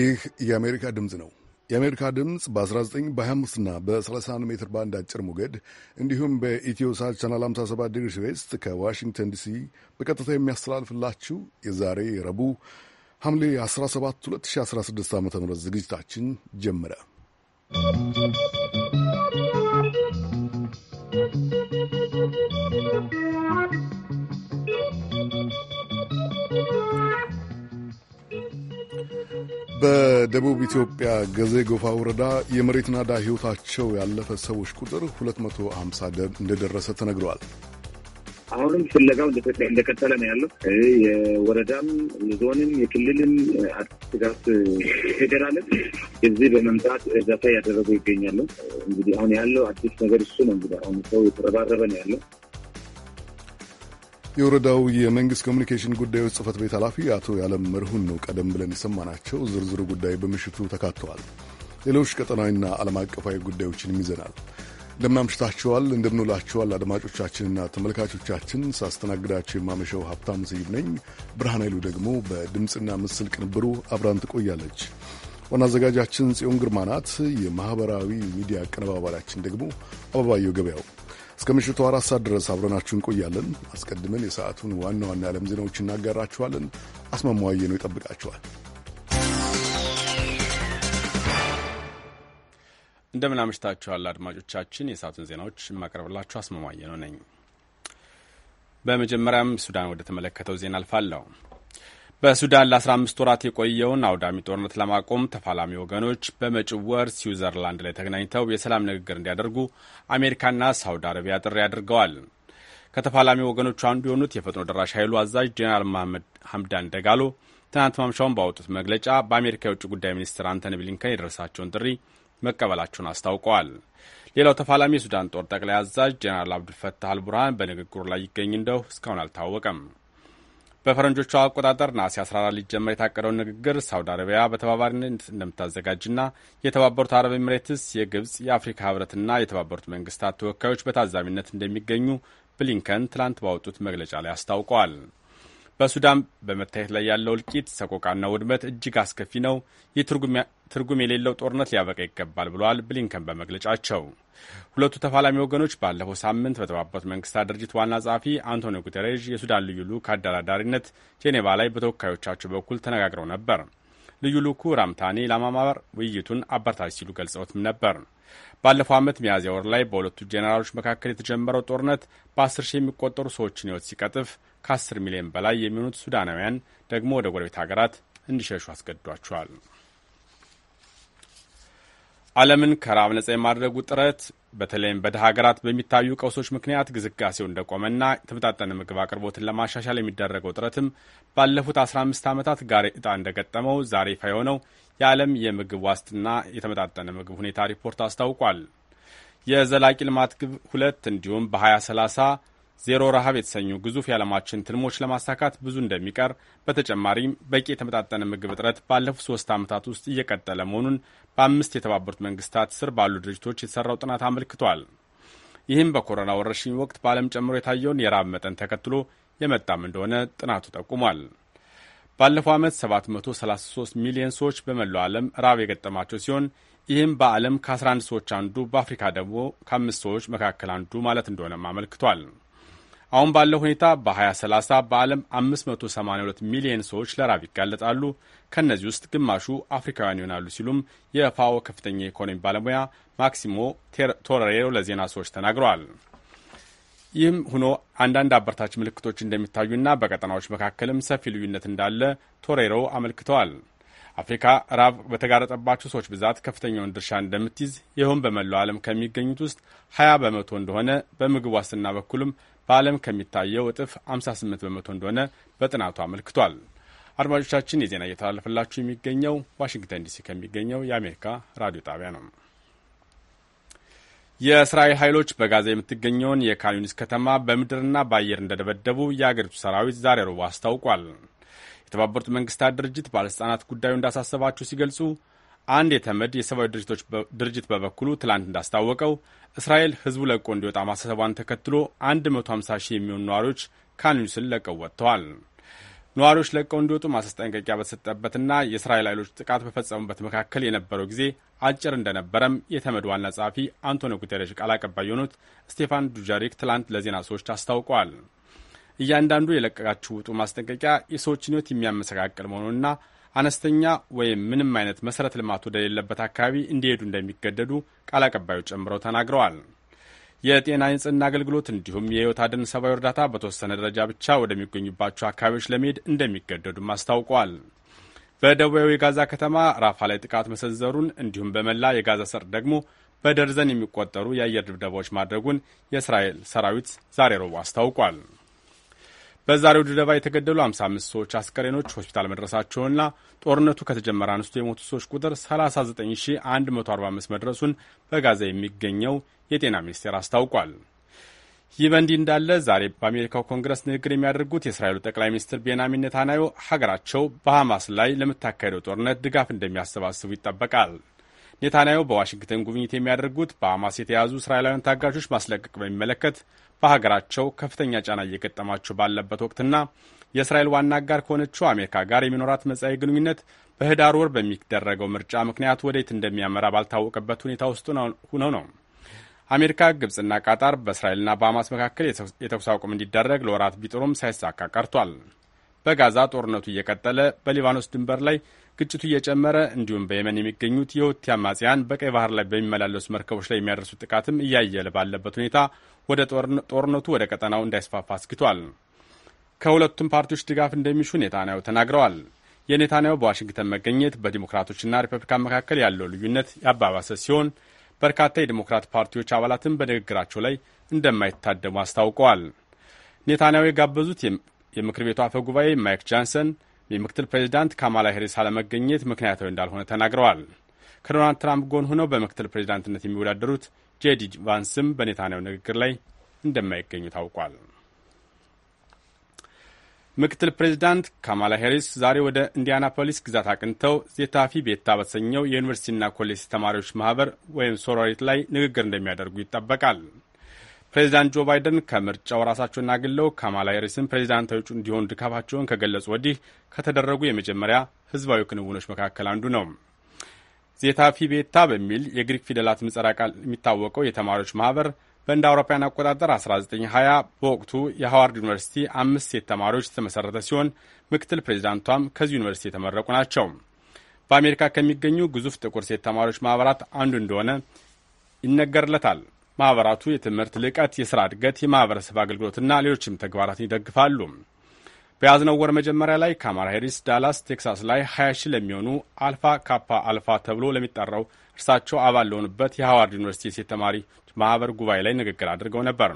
ይህ የአሜሪካ ድምፅ ነው። የአሜሪካ ድምፅ በ19 በ25ና በ31 ሜትር ባንድ አጭር ሞገድ እንዲሁም በኢትዮሳት ቻናል 57 ዲግሪ ዌስት ከዋሽንግተን ዲሲ በቀጥታ የሚያስተላልፍላችሁ የዛሬ ረቡዕ ሐምሌ 17 2016 ዓ ም ዝግጅታችን ጀመረ። በደቡብ ኢትዮጵያ ገዜ ጎፋ ወረዳ የመሬት ናዳ ሕይወታቸው ያለፈ ሰዎች ቁጥር 250 እንደደረሰ ተነግረዋል። አሁንም ፍለጋው እንደቀጠለ ነው ያለው። የወረዳም የዞንም የክልልም አትጋት ፌዴራልም እዚህ በመምጣት እርዳታ እያደረጉ ይገኛሉ። እንግዲህ አሁን ያለው አዲስ ነገር እሱ ነው። እንግዲህ አሁን ሰው የተረባረበ ነው ያለው። የወረዳው የመንግስት ኮሚኒኬሽን ጉዳዮች ጽህፈት ቤት ኃላፊ አቶ ያለም መርሁን ነው ቀደም ብለን የሰማናቸው። ዝርዝሩ ጉዳይ በምሽቱ ተካተዋል። ሌሎች ቀጠናዊና ዓለም አቀፋዊ ጉዳዮችንም ይዘናል። እንደምናምሽታችኋል፣ እንደምንውላችኋል አድማጮቻችንና ተመልካቾቻችን ሳስተናግዳቸው የማመሸው ሀብታም ስይብ ነኝ። ብርሃን ኃይሉ ደግሞ በድምፅና ምስል ቅንብሩ አብራን ትቆያለች። ዋና አዘጋጃችን ጽዮን ግርማ ናት። የማኅበራዊ ሚዲያ አቀነባባሪያችን ደግሞ አበባየው ገበያው እስከ ምሽቱ አራት ሰዓት ድረስ አብረናችሁ እንቆያለን። አስቀድመን የሰዓቱን ዋና ዋና የዓለም ዜናዎች እናጋራችኋለን። አስማማዋየ ነው ይጠብቃችኋል። እንደምን አምሽታችኋል አድማጮቻችን። የሰዓቱን ዜናዎች የማቀርብላችሁ አስማማየ ነው ነኝ። በመጀመሪያም ሱዳን ወደ ተመለከተው ዜና አልፋለሁ። በሱዳን ለ15 ወራት የቆየውን አውዳሚ ጦርነት ለማቆም ተፋላሚ ወገኖች በመጪው ወር ስዊዘርላንድ ላይ ተገናኝተው የሰላም ንግግር እንዲያደርጉ አሜሪካና ሳውዲ አረቢያ ጥሪ አድርገዋል። ከተፋላሚ ወገኖቹ አንዱ የሆኑት የፈጥኖ ደራሽ ኃይሉ አዛዥ ጄኔራል መሐመድ ሀምዳን ደጋሎ ትናንት ማምሻውን ባወጡት መግለጫ በአሜሪካ የውጭ ጉዳይ ሚኒስትር አንቶኒ ብሊንከን የደረሳቸውን ጥሪ መቀበላቸውን አስታውቀዋል። ሌላው ተፋላሚ የሱዳን ጦር ጠቅላይ አዛዥ ጄኔራል አብዱልፈታህ አልቡርሃን በንግግሩ ላይ ይገኝ እንደው እስካሁን አልታወቀም። በፈረንጆቹ አቆጣጠር ነሐሴ 14 ሊጀመር የታቀደውን ንግግር ሳውዲ አረቢያ በተባባሪነት እንደምታዘጋጅና የተባበሩት አረብ ኤምሬትስ፣ የግብፅ፣ የአፍሪካ ህብረትና የተባበሩት መንግስታት ተወካዮች በታዛቢነት እንደሚገኙ ብሊንከን ትላንት ባወጡት መግለጫ ላይ አስታውቀዋል። በሱዳን በመታየት ላይ ያለው እልቂት፣ ሰቆቃና ውድመት እጅግ አስከፊ ነው። ይህ ትርጉም የሌለው ጦርነት ሊያበቃ ይገባል ብለዋል ብሊንከን በመግለጫቸው። ሁለቱ ተፋላሚ ወገኖች ባለፈው ሳምንት በተባበሩት መንግስታት ድርጅት ዋና ጸሐፊ አንቶኒዮ ጉተሬዥ የሱዳን ልዩ ልዑክ አደራዳሪነት ጄኔቫ ላይ በተወካዮቻቸው በኩል ተነጋግረው ነበር። ልዩ ልዑኩ ራምታኔ ላማማር ውይይቱን አበርታች ሲሉ ገልጸውትም ነበር። ባለፈው ዓመት ሚያዝያ ወር ላይ በሁለቱ ጄኔራሎች መካከል የተጀመረው ጦርነት በ10 ሺህ የሚቆጠሩ ሰዎችን ሕይወት ሲቀጥፍ ከ10 ሚሊዮን በላይ የሚሆኑት ሱዳናውያን ደግሞ ወደ ጎረቤት ሀገራት እንዲሸሹ አስገድዷቸዋል። ዓለምን ከራብ ነጻ የማድረጉ ጥረት በተለይም በድሀ ሀገራት በሚታዩ ቀውሶች ምክንያት ግዝጋሴው እንደቆመና የተመጣጠነ ምግብ አቅርቦትን ለማሻሻል የሚደረገው ጥረትም ባለፉት 15 ዓመታት ጋሬጣ እጣ እንደገጠመው ዛሬ ይፋ የሆነው የዓለም የምግብ ዋስትና የተመጣጠነ ምግብ ሁኔታ ሪፖርት አስታውቋል። የዘላቂ ልማት ግብ ሁለት እንዲሁም በ2030 ዜሮ ረሃብ የተሰኙ ግዙፍ የዓለማችን ትልሞች ለማሳካት ብዙ እንደሚቀር በተጨማሪም በቂ የተመጣጠነ ምግብ እጥረት ባለፉት ሶስት ዓመታት ውስጥ እየቀጠለ መሆኑን በአምስት የተባበሩት መንግስታት ስር ባሉ ድርጅቶች የተሰራው ጥናት አመልክቷል። ይህም በኮሮና ወረርሽኝ ወቅት በዓለም ጨምሮ የታየውን የራብ መጠን ተከትሎ የመጣም እንደሆነ ጥናቱ ጠቁሟል። ባለፈው ዓመት 733 ሚሊዮን ሰዎች በመላው ዓለም ራብ የገጠማቸው ሲሆን ይህም በዓለም ከ11 ሰዎች አንዱ፣ በአፍሪካ ደግሞ ከአምስት ሰዎች መካከል አንዱ ማለት እንደሆነም አመልክቷል። አሁን ባለው ሁኔታ በ2030 በዓለም 582 ሚሊዮን ሰዎች ለራብ ይጋለጣሉ። ከእነዚህ ውስጥ ግማሹ አፍሪካውያን ይሆናሉ ሲሉም የፋኦ ከፍተኛ የኢኮኖሚ ባለሙያ ማክሲሞ ቶሬሮ ለዜና ሰዎች ተናግረዋል። ይህም ሆኖ አንዳንድ አበርታች ምልክቶች እንደሚታዩና በቀጠናዎች መካከልም ሰፊ ልዩነት እንዳለ ቶሬሮ አመልክተዋል። አፍሪካ ራብ በተጋረጠባቸው ሰዎች ብዛት ከፍተኛውን ድርሻ እንደምትይዝ ይኸውም በመላው ዓለም ከሚገኙት ውስጥ 20 በመቶ እንደሆነ በምግብ ዋስትና በኩልም በዓለም ከሚታየው እጥፍ 58 በመቶ እንደሆነ በጥናቱ አመልክቷል። አድማጮቻችን የዜና እየተላለፈላችሁ የሚገኘው ዋሽንግተን ዲሲ ከሚገኘው የአሜሪካ ራዲዮ ጣቢያ ነው። የእስራኤል ኃይሎች በጋዛ የምትገኘውን የካንዩኒስ ከተማ በምድርና በአየር እንደደበደቡ የአገሪቱ ሰራዊት ዛሬ ረቡዕ አስታውቋል። የተባበሩት መንግስታት ድርጅት ባለሥልጣናት ጉዳዩ እንዳሳሰባቸው ሲገልጹ አንድ የተመድ የሰብአዊ ድርጅቶች ድርጅት በበኩሉ ትላንት እንዳስታወቀው እስራኤል ህዝቡ ለቆ እንዲወጣ ማሳሰቧን ተከትሎ 150 ሺህ የሚሆኑ ነዋሪዎች ካንዩስን ለቀው ወጥተዋል። ነዋሪዎች ለቀው እንዲወጡ ማስጠንቀቂያ በተሰጠበትና የእስራኤል ኃይሎች ጥቃት በፈጸሙበት መካከል የነበረው ጊዜ አጭር እንደነበረም የተመድ ዋና ጸሐፊ አንቶኒዮ ጉተሬሽ ቃል አቀባይ የሆኑት ስቴፋን ዱጃሪክ ትላንት ለዜና ሰዎች አስታውቀዋል። እያንዳንዱ የለቀቃችሁ ውጡ ማስጠንቀቂያ የሰዎችን ህይወት የሚያመሰቃቅል መሆኑንና አነስተኛ ወይም ምንም አይነት መሰረተ ልማት ወደሌለበት አካባቢ እንዲሄዱ እንደሚገደዱ ቃል አቀባዩ ጨምረው ተናግረዋል። የጤና ንጽህና አገልግሎት እንዲሁም የህይወት አድን ሰብአዊ እርዳታ በተወሰነ ደረጃ ብቻ ወደሚገኙባቸው አካባቢዎች ለመሄድ እንደሚገደዱም አስታውቋል። በደቡባዊ የጋዛ ከተማ ራፋ ላይ ጥቃት መሰንዘሩን እንዲሁም በመላ የጋዛ ሰርጥ ደግሞ በደርዘን የሚቆጠሩ የአየር ድብደባዎች ማድረጉን የእስራኤል ሰራዊት ዛሬ ረቡዕ አስታውቋል። በዛሬው ድብደባ የተገደሉ 55 ሰዎች አስከሬኖች ሆስፒታል መድረሳቸውንና ጦርነቱ ከተጀመረ አንስቶ የሞቱ ሰዎች ቁጥር 39145 መድረሱን በጋዛ የሚገኘው የጤና ሚኒስቴር አስታውቋል። ይህ በእንዲህ እንዳለ ዛሬ በአሜሪካው ኮንግረስ ንግግር የሚያደርጉት የእስራኤሉ ጠቅላይ ሚኒስትር ቤንያሚን ኔታንያሁ ሀገራቸው በሐማስ ላይ ለምታካሄደው ጦርነት ድጋፍ እንደሚያሰባስቡ ይጠበቃል። ኔታንያሁ በዋሽንግተን ጉብኝት የሚያደርጉት በሐማስ የተያዙ እስራኤላውያን ታጋቾች ማስለቀቅ በሚመለከት በሀገራቸው ከፍተኛ ጫና እየገጠማቸው ባለበት ወቅትና የእስራኤል ዋና አጋር ከሆነችው አሜሪካ ጋር የሚኖራት መጻኢ ግንኙነት በህዳር ወር በሚደረገው ምርጫ ምክንያት ወዴት እንደሚያመራ ባልታወቀበት ሁኔታ ውስጥ ሆነው ነው። አሜሪካ፣ ግብጽና ቃጣር በእስራኤልና በሐማስ መካከል የተኩስ አቁም እንዲደረግ ለወራት ቢጥሩም ሳይሳካ ቀርቷል። በጋዛ ጦርነቱ እየቀጠለ በሊባኖስ ድንበር ላይ ግጭቱ እየጨመረ እንዲሁም በየመን የሚገኙት የሁቲ አማጽያን በቀይ ባህር ላይ በሚመላለሱ መርከቦች ላይ የሚያደርሱት ጥቃትም እያየለ ባለበት ሁኔታ ወደ ጦርነቱ ወደ ቀጠናው እንዳይስፋፋ አስግቷል። ከሁለቱም ፓርቲዎች ድጋፍ እንደሚሹ ኔታንያሁ ተናግረዋል። የኔታንያሁ በዋሽንግተን መገኘት በዲሞክራቶችና ሪፐብሊካን መካከል ያለው ልዩነት ያባባሰ ሲሆን በርካታ የዲሞክራት ፓርቲዎች አባላትም በንግግራቸው ላይ እንደማይታደሙ አስታውቀዋል። ኔታንያሁ የጋበዙት የምክር ቤቱ አፈ ጉባኤ ማይክ ጃንሰን የምክትል ፕሬዚዳንት ካማላ ሄሪስ አለመገኘት ምክንያታዊ እንዳልሆነ ተናግረዋል። ከዶናልድ ትራምፕ ጎን ሆነው በምክትል ፕሬዚዳንትነት የሚወዳደሩት ጄዲ ቫንስም በኔታንያው ንግግር ላይ እንደማይገኙ ታውቋል። ምክትል ፕሬዚዳንት ካማላ ሄሪስ ዛሬ ወደ ኢንዲያናፖሊስ ግዛት አቅንተው ዜታፊ ቤታ በተሰኘው የዩኒቨርሲቲና ኮሌጅ ተማሪዎች ማህበር ወይም ሶሮሪት ላይ ንግግር እንደሚያደርጉ ይጠበቃል። ፕሬዚዳንት ጆ ባይደን ከምርጫው ራሳቸውን አግለው ካማላ ሃሪስን ፕሬዚዳንታዊ እጩ እንዲሆን ድጋፋቸውን ከገለጹ ወዲህ ከተደረጉ የመጀመሪያ ህዝባዊ ክንውኖች መካከል አንዱ ነው። ዜታ ፊቤታ በሚል የግሪክ ፊደላት ምጸራ ቃል የሚታወቀው የተማሪዎች ማህበር በእንደ አውሮፓውያን አቆጣጠር 1920 በወቅቱ የሃዋርድ ዩኒቨርሲቲ አምስት ሴት ተማሪዎች የተመሠረተ ሲሆን ምክትል ፕሬዚዳንቷም ከዚህ ዩኒቨርሲቲ የተመረቁ ናቸው። በአሜሪካ ከሚገኙ ግዙፍ ጥቁር ሴት ተማሪዎች ማኅበራት አንዱ እንደሆነ ይነገርለታል። ማህበራቱ የትምህርት ልቀት፣ የሥራ እድገት፣ የማህበረሰብ አገልግሎትና ሌሎችም ተግባራትን ይደግፋሉ። በያዝነው ወር መጀመሪያ ላይ ካማላ ሄሪስ ዳላስ ቴክሳስ ላይ 20 ሺ ለሚሆኑ አልፋ ካፓ አልፋ ተብሎ ለሚጠራው እርሳቸው አባል ለሆኑበት የሃዋርድ ዩኒቨርሲቲ የሴት ተማሪ ማህበር ጉባኤ ላይ ንግግር አድርገው ነበር።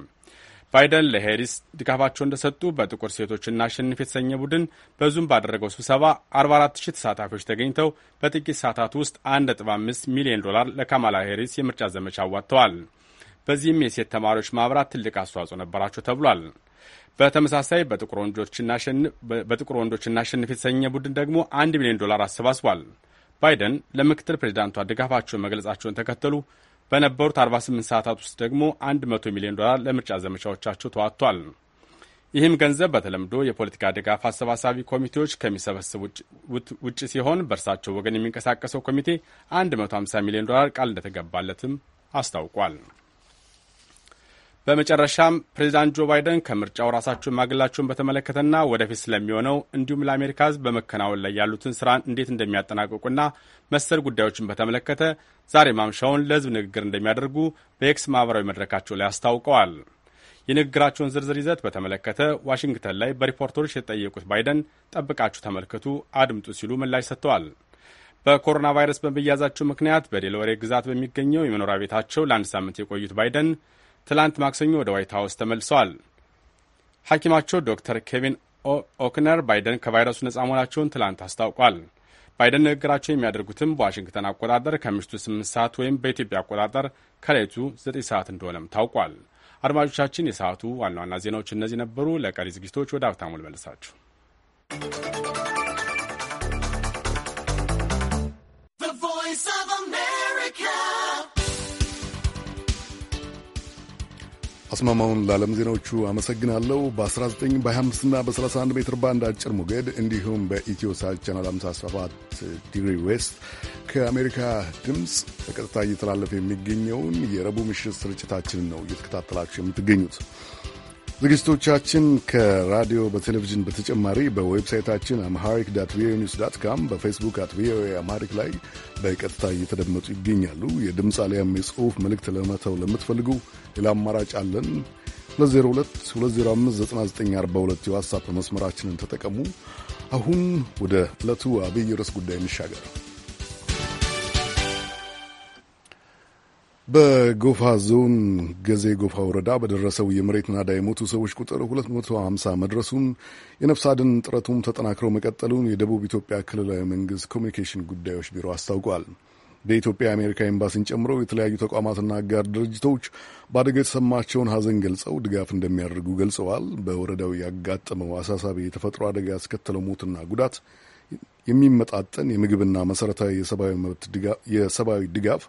ባይደን ለሄሪስ ድጋፋቸው እንደሰጡ በጥቁር ሴቶችና አሸንፍ የተሰኘ ቡድን በዙም ባደረገው ስብሰባ 44 ሺ ተሳታፊዎች ተገኝተው በጥቂት ሰዓታት ውስጥ 1.5 ሚሊዮን ዶላር ለካማላ ሄሪስ የምርጫ ዘመቻ አዋጥተዋል። በዚህም የሴት ተማሪዎች ማብራት ትልቅ አስተዋጽኦ ነበራቸው ተብሏል። በተመሳሳይ በጥቁር ወንዶችና አሸንፍ የተሰኘ ቡድን ደግሞ አንድ ሚሊዮን ዶላር አሰባስቧል። ባይደን ለምክትል ፕሬዚዳንቷ ድጋፋቸውን መግለጻቸውን ተከተሉ በነበሩት 48 ሰዓታት ውስጥ ደግሞ 100 ሚሊዮን ዶላር ለምርጫ ዘመቻዎቻቸው ተዋጥቷል። ይህም ገንዘብ በተለምዶ የፖለቲካ ድጋፍ አሰባሳቢ ኮሚቴዎች ከሚሰበስብ ውጭ ሲሆን በእርሳቸው ወገን የሚንቀሳቀሰው ኮሚቴ 150 ሚሊዮን ዶላር ቃል እንደተገባለትም አስታውቋል። በመጨረሻም ፕሬዚዳንት ጆ ባይደን ከምርጫው ራሳቸውን ማግላቸውን በተመለከተና ወደፊት ስለሚሆነው እንዲሁም ለአሜሪካ ሕዝብ በመከናወን ላይ ያሉትን ስራን እንዴት እንደሚያጠናቅቁና መሰል ጉዳዮችን በተመለከተ ዛሬ ማምሻውን ለሕዝብ ንግግር እንደሚያደርጉ በኤክስ ማህበራዊ መድረካቸው ላይ አስታውቀዋል። የንግግራቸውን ዝርዝር ይዘት በተመለከተ ዋሽንግተን ላይ በሪፖርተሮች የተጠየቁት ባይደን ጠብቃችሁ ተመልከቱ፣ አድምጡ ሲሉ ምላሽ ሰጥተዋል። በኮሮና ቫይረስ በመያዛቸው ምክንያት በዴላዌር ግዛት በሚገኘው የመኖሪያ ቤታቸው ለአንድ ሳምንት የቆዩት ባይደን ትላንት ማክሰኞ ወደ ዋይት ሀውስ ተመልሰዋል። ሐኪማቸው ዶክተር ኬቪን ኦክነር ባይደን ከቫይረሱ ነጻ መሆናቸውን ትላንት አስታውቋል። ባይደን ንግግራቸው የሚያደርጉትም በዋሽንግተን አቆጣጠር ከምሽቱ 8 ሰዓት ወይም በኢትዮጵያ አቆጣጠር ከሌቱ 9 ሰዓት እንደሆነም ታውቋል። አድማጮቻችን፣ የሰዓቱ ዋና ዋና ዜናዎች እነዚህ ነበሩ። ለቀሪ ዝግጅቶች ወደ ሀብታሙ ልመልሳችሁ። አስማማውን ለዓለም ዜናዎቹ አመሰግናለሁ። በ19 በ25ና በ31 ሜትር ባንድ አጭር ሞገድ እንዲሁም በኢትዮ በኢትዮሳት ቻናል 57 ዲግሪ ዌስት ከአሜሪካ ድምፅ በቀጥታ እየተላለፈ የሚገኘውን የረቡዕ ምሽት ስርጭታችንን ነው እየተከታተላችሁ የምትገኙት። ዝግጅቶቻችን ከራዲዮ በቴሌቪዥን በተጨማሪ በዌብሳይታችን አምሃሪክ ዳት ቪኦኤ ኒውስ ዳት ካም በፌስቡክ አት ቪኦኤ አምሃሪክ ላይ በቀጥታ እየተደመጡ ይገኛሉ። የድምፅ አሊያም የጽሑፍ መልእክት ለመተው ለምትፈልጉ ሌላ አማራጭ አለን። 2022059942 የዋትሳፕ መስመራችንን ተጠቀሙ። አሁን ወደ ዕለቱ አብይ ርዕስ ጉዳይ እንሻገር። በጎፋ ዞን ገዜ ጎፋ ወረዳ በደረሰው የመሬት ናዳ የሞቱ ሰዎች ቁጥር 250 መድረሱን የነፍስ አድን ጥረቱም ተጠናክሮ መቀጠሉን የደቡብ ኢትዮጵያ ክልላዊ መንግስት ኮሚኒኬሽን ጉዳዮች ቢሮ አስታውቋል። በኢትዮጵያ የአሜሪካ ኤምባሲን ጨምሮ የተለያዩ ተቋማትና አጋር ድርጅቶች በአደጋ የተሰማቸውን ሀዘን ገልጸው ድጋፍ እንደሚያደርጉ ገልጸዋል። በወረዳው ያጋጠመው አሳሳቢ የተፈጥሮ አደጋ ያስከተለው ሞትና ጉዳት የሚመጣጠን የምግብና መሰረታዊ የሰብአዊ ድጋፍ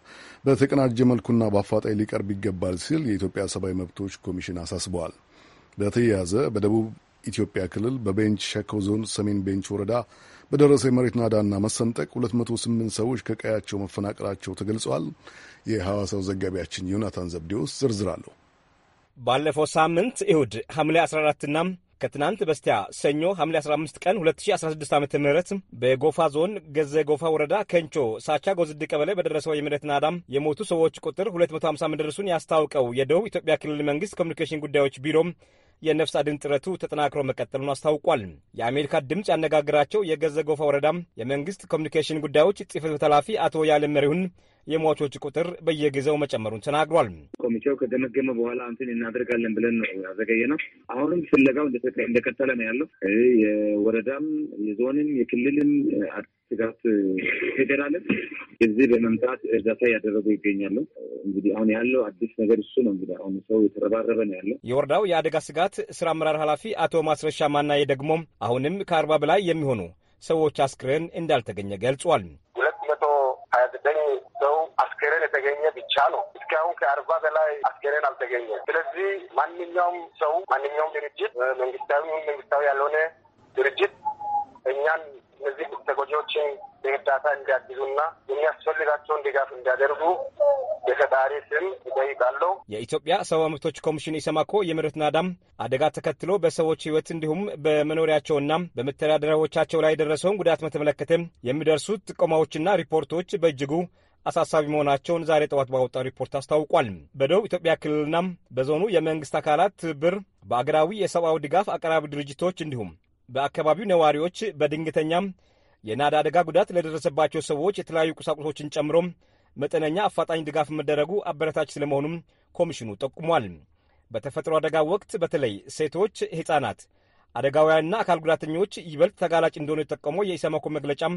በተቀናጀ መልኩና በአፋጣኝ ሊቀርብ ይገባል ሲል የኢትዮጵያ ሰብአዊ መብቶች ኮሚሽን አሳስበዋል። በተያያዘ በደቡብ ኢትዮጵያ ክልል በቤንች ሸኮ ዞን ሰሜን ቤንች ወረዳ በደረሰ የመሬት ናዳና መሰንጠቅ 208 ሰዎች ከቀያቸው መፈናቀላቸው ተገልጸዋል። የሐዋሳው ዘጋቢያችን ዮናታን ዘብዴዎስ ዝርዝራለሁ። ባለፈው ሳምንት እሁድ ሐምሌ 14ና ከትናንት በስቲያ ሰኞ ሐምሌ 15 ቀን 2016 ዓ ም በጎፋ ዞን ገዘ ጎፋ ወረዳ ከንቾ ሳቻ ጎዝድ ቀበሌ በደረሰው የመሬት ናዳም የሞቱ ሰዎች ቁጥር 250 መድረሱን ያስታውቀው የደቡብ ኢትዮጵያ ክልል መንግስት ኮሚኒኬሽን ጉዳዮች ቢሮም የነፍስ አድን ጥረቱ ተጠናክሮ መቀጠሉን አስታውቋል። የአሜሪካ ድምፅ ያነጋግራቸው የገዘ ጎፋ ወረዳም የመንግስት ኮሚኒኬሽን ጉዳዮች ጽሕፈት ቤት ኃላፊ አቶ ያለ መሪሁን የሟቾች ቁጥር በየጊዜው መጨመሩን ተናግሯል። ኮሚቴው ከገመገመ በኋላ እንትን እናደርጋለን ብለን ነው ያዘገየ ነው። አሁንም ፍለጋው እንደቀጠለ ነው ያለው። የወረዳም የዞንም የክልልም ስጋት ፌዴራልም እዚህ በመምጣት እርዳታ እያደረጉ ይገኛሉ። እንግዲህ አሁን ያለው አዲስ ነገር እሱ ነው። እንግዲህ አሁን ሰው የተረባረበ ነው ያለው። የወረዳው የአደጋ ስጋት ስራ አመራር ኃላፊ አቶ ማስረሻ ማናዬ ደግሞ አሁንም ከአርባ በላይ የሚሆኑ ሰዎች አስክሬን እንዳልተገኘ ገልጿል። ሀያ ዘጠኝ ሰው አስከሬን የተገኘ ብቻ ነው። እስካሁን ከአርባ በላይ አስከሬን አልተገኘም። ስለዚህ ማንኛውም ሰው ማንኛውም ድርጅት መንግስታዊ መንግስታዊ ያልሆነ ድርጅት እኛን እነዚህ ተጎጂዎችን በእርዳታ እንዲያግዙና የሚያስፈልጋቸውን ድጋፍ እንዲያደርጉ የፈጣሪ ስም ይጠይቃለሁ። የኢትዮጵያ ሰብአዊ መብቶች ኮሚሽን ኢሰማኮ የመሬት ናዳም አደጋ ተከትሎ በሰዎች ሕይወት እንዲሁም በመኖሪያቸውና በመተዳደሪያዎቻቸው ላይ የደረሰውን ጉዳት በተመለከተ የሚደርሱት ጥቆማዎችና ሪፖርቶች በእጅጉ አሳሳቢ መሆናቸውን ዛሬ ጠዋት ባወጣው ሪፖርት አስታውቋል። በደቡብ ኢትዮጵያ ክልልና በዞኑ የመንግስት አካላት ትብብር በአገራዊ የሰብአዊ ድጋፍ አቅራቢ ድርጅቶች እንዲሁም በአካባቢው ነዋሪዎች በድንገተኛም የናዳ አደጋ ጉዳት ለደረሰባቸው ሰዎች የተለያዩ ቁሳቁሶችን ጨምሮ መጠነኛ አፋጣኝ ድጋፍ መደረጉ አበረታች ስለመሆኑም ኮሚሽኑ ጠቁሟል። በተፈጥሮ አደጋ ወቅት በተለይ ሴቶች፣ ሕፃናት፣ አደጋውያንና አካል ጉዳተኞች ይበልጥ ተጋላጭ እንደሆኑ የጠቀመው የኢሰመኮ መግለጫም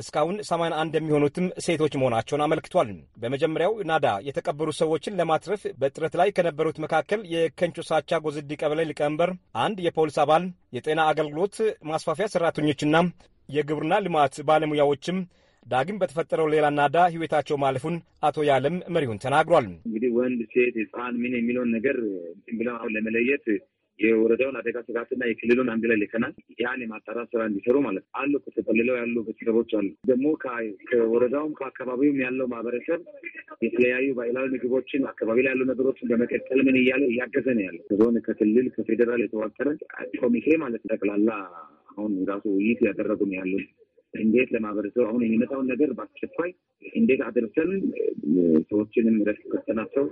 እስካሁን 81 የሚሆኑትም ሴቶች መሆናቸውን አመልክቷል። በመጀመሪያው ናዳ የተቀበሩ ሰዎችን ለማትረፍ በጥረት ላይ ከነበሩት መካከል የከንቾ ሳቻ ጎዝዲ ቀበሌ ሊቀመንበር፣ አንድ የፖሊስ አባል፣ የጤና አገልግሎት ማስፋፊያ ሰራተኞችና የግብርና ልማት ባለሙያዎችም ዳግም በተፈጠረው ሌላ ናዳ ህይወታቸው ማለፉን አቶ ያለም መሪሁን ተናግሯል። እንግዲህ ወንድ፣ ሴት፣ ህፃን ምን የሚለውን ነገር ብለው አሁን ለመለየት የወረዳውን አደጋ ስጋትና የክልሉን አንድ ላይ ልከናል። ያን የማጣራት ስራ እንዲሰሩ ማለት ነው አሉ። ከተጠልለው ያሉ ቤተሰቦች አሉ። ደግሞ ከወረዳውም ከአካባቢውም ያለው ማህበረሰብ የተለያዩ ባህላዊ ምግቦችን አካባቢ ላይ ያሉ ነገሮችን በመቀጠል ምን እያለ እያገዘ ነው ያለ ከዞን ከክልል ከፌዴራል የተዋቀረ ኮሚቴ ማለት ጠቅላላ አሁን ራሱ ውይይት ያደረጉ ነው ያሉት እንዴት ለማህበረሰብ አሁን የሚመጣውን ነገር በአስቸኳይ እንዴት አድርሰን ሰዎችንም ረፍ ከተናቸው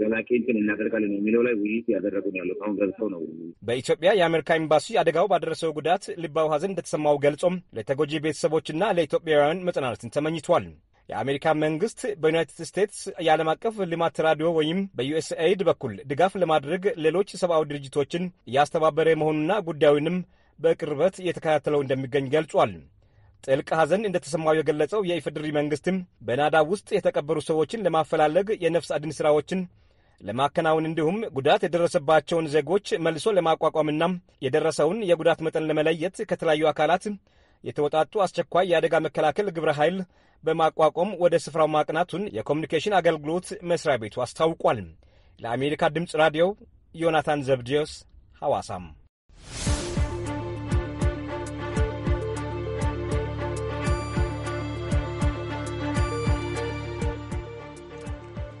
ዘላቂ እንትን እናደርጋለን የሚለው ላይ ውይይት ያደረጉን ያለው አሁን ገብተው ነው። በኢትዮጵያ የአሜሪካ ኤምባሲ አደጋው ባደረሰው ጉዳት ልባዊ ሐዘን እንደተሰማው ገልጾም ለተጎጂ ቤተሰቦችና ለኢትዮጵያውያን መጽናናትን ተመኝቷል። የአሜሪካ መንግስት በዩናይትድ ስቴትስ የዓለም አቀፍ ልማት ራዲዮ ወይም በዩኤስኤድ በኩል ድጋፍ ለማድረግ ሌሎች ሰብአዊ ድርጅቶችን እያስተባበረ መሆኑና ጉዳዩንም በቅርበት እየተከታተለው እንደሚገኝ ገልጿል። ጥልቅ ሐዘን እንደተሰማው የገለጸው የኢፌዴሪ መንግስትም በናዳ ውስጥ የተቀበሩ ሰዎችን ለማፈላለግ የነፍስ አድን ሥራዎችን ለማከናወን እንዲሁም ጉዳት የደረሰባቸውን ዜጎች መልሶ ለማቋቋምና የደረሰውን የጉዳት መጠን ለመለየት ከተለያዩ አካላት የተወጣጡ አስቸኳይ የአደጋ መከላከል ግብረ ኃይል በማቋቋም ወደ ስፍራው ማቅናቱን የኮሚኒኬሽን አገልግሎት መስሪያ ቤቱ አስታውቋል። ለአሜሪካ ድምፅ ራዲዮ ዮናታን ዘብዲዮስ ሐዋሳም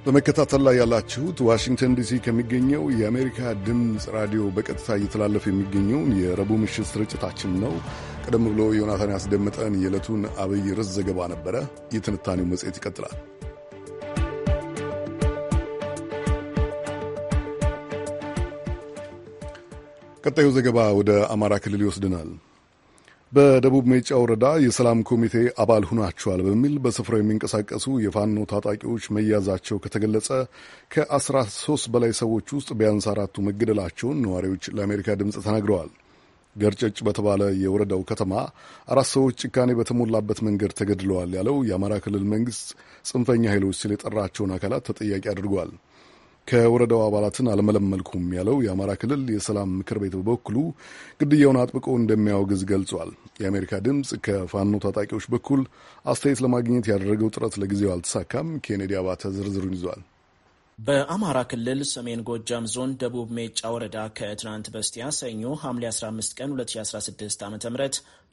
በመከታተል ላይ ያላችሁት ዋሽንግተን ዲሲ ከሚገኘው የአሜሪካ ድምፅ ራዲዮ በቀጥታ እየተላለፈ የሚገኘውን የረቡዕ ምሽት ስርጭታችን ነው። ቀደም ብሎ ዮናታን ያስደምጠን የዕለቱን አብይ ርዕስ ዘገባ ነበረ። የትንታኔው መጽሔት ይቀጥላል። ቀጣዩ ዘገባ ወደ አማራ ክልል ይወስድናል። በደቡብ ሜጫ ወረዳ የሰላም ኮሚቴ አባል ሁናችኋል በሚል በስፍራው የሚንቀሳቀሱ የፋኖ ታጣቂዎች መያዛቸው ከተገለጸ ከ13 በላይ ሰዎች ውስጥ ቢያንስ አራቱ መገደላቸውን ነዋሪዎች ለአሜሪካ ድምፅ ተናግረዋል። ገርጨጭ በተባለ የወረዳው ከተማ አራት ሰዎች ጭካኔ በተሞላበት መንገድ ተገድለዋል ያለው የአማራ ክልል መንግስት ጽንፈኛ ኃይሎች ሲል የጠራቸውን አካላት ተጠያቂ አድርጓል። ከወረዳው አባላትን አልመለመልኩም ያለው የአማራ ክልል የሰላም ምክር ቤት በበኩሉ ግድያውን አጥብቆ እንደሚያወግዝ ገልጿል። የአሜሪካ ድምፅ ከፋኖ ታጣቂዎች በኩል አስተያየት ለማግኘት ያደረገው ጥረት ለጊዜው አልተሳካም። ኬኔዲ አባተ ዝርዝሩን ይዟል። በአማራ ክልል ሰሜን ጎጃም ዞን ደቡብ ሜጫ ወረዳ ከትናንት በስቲያ ሰኞ ሐምሌ 15 ቀን 2016 ዓ ም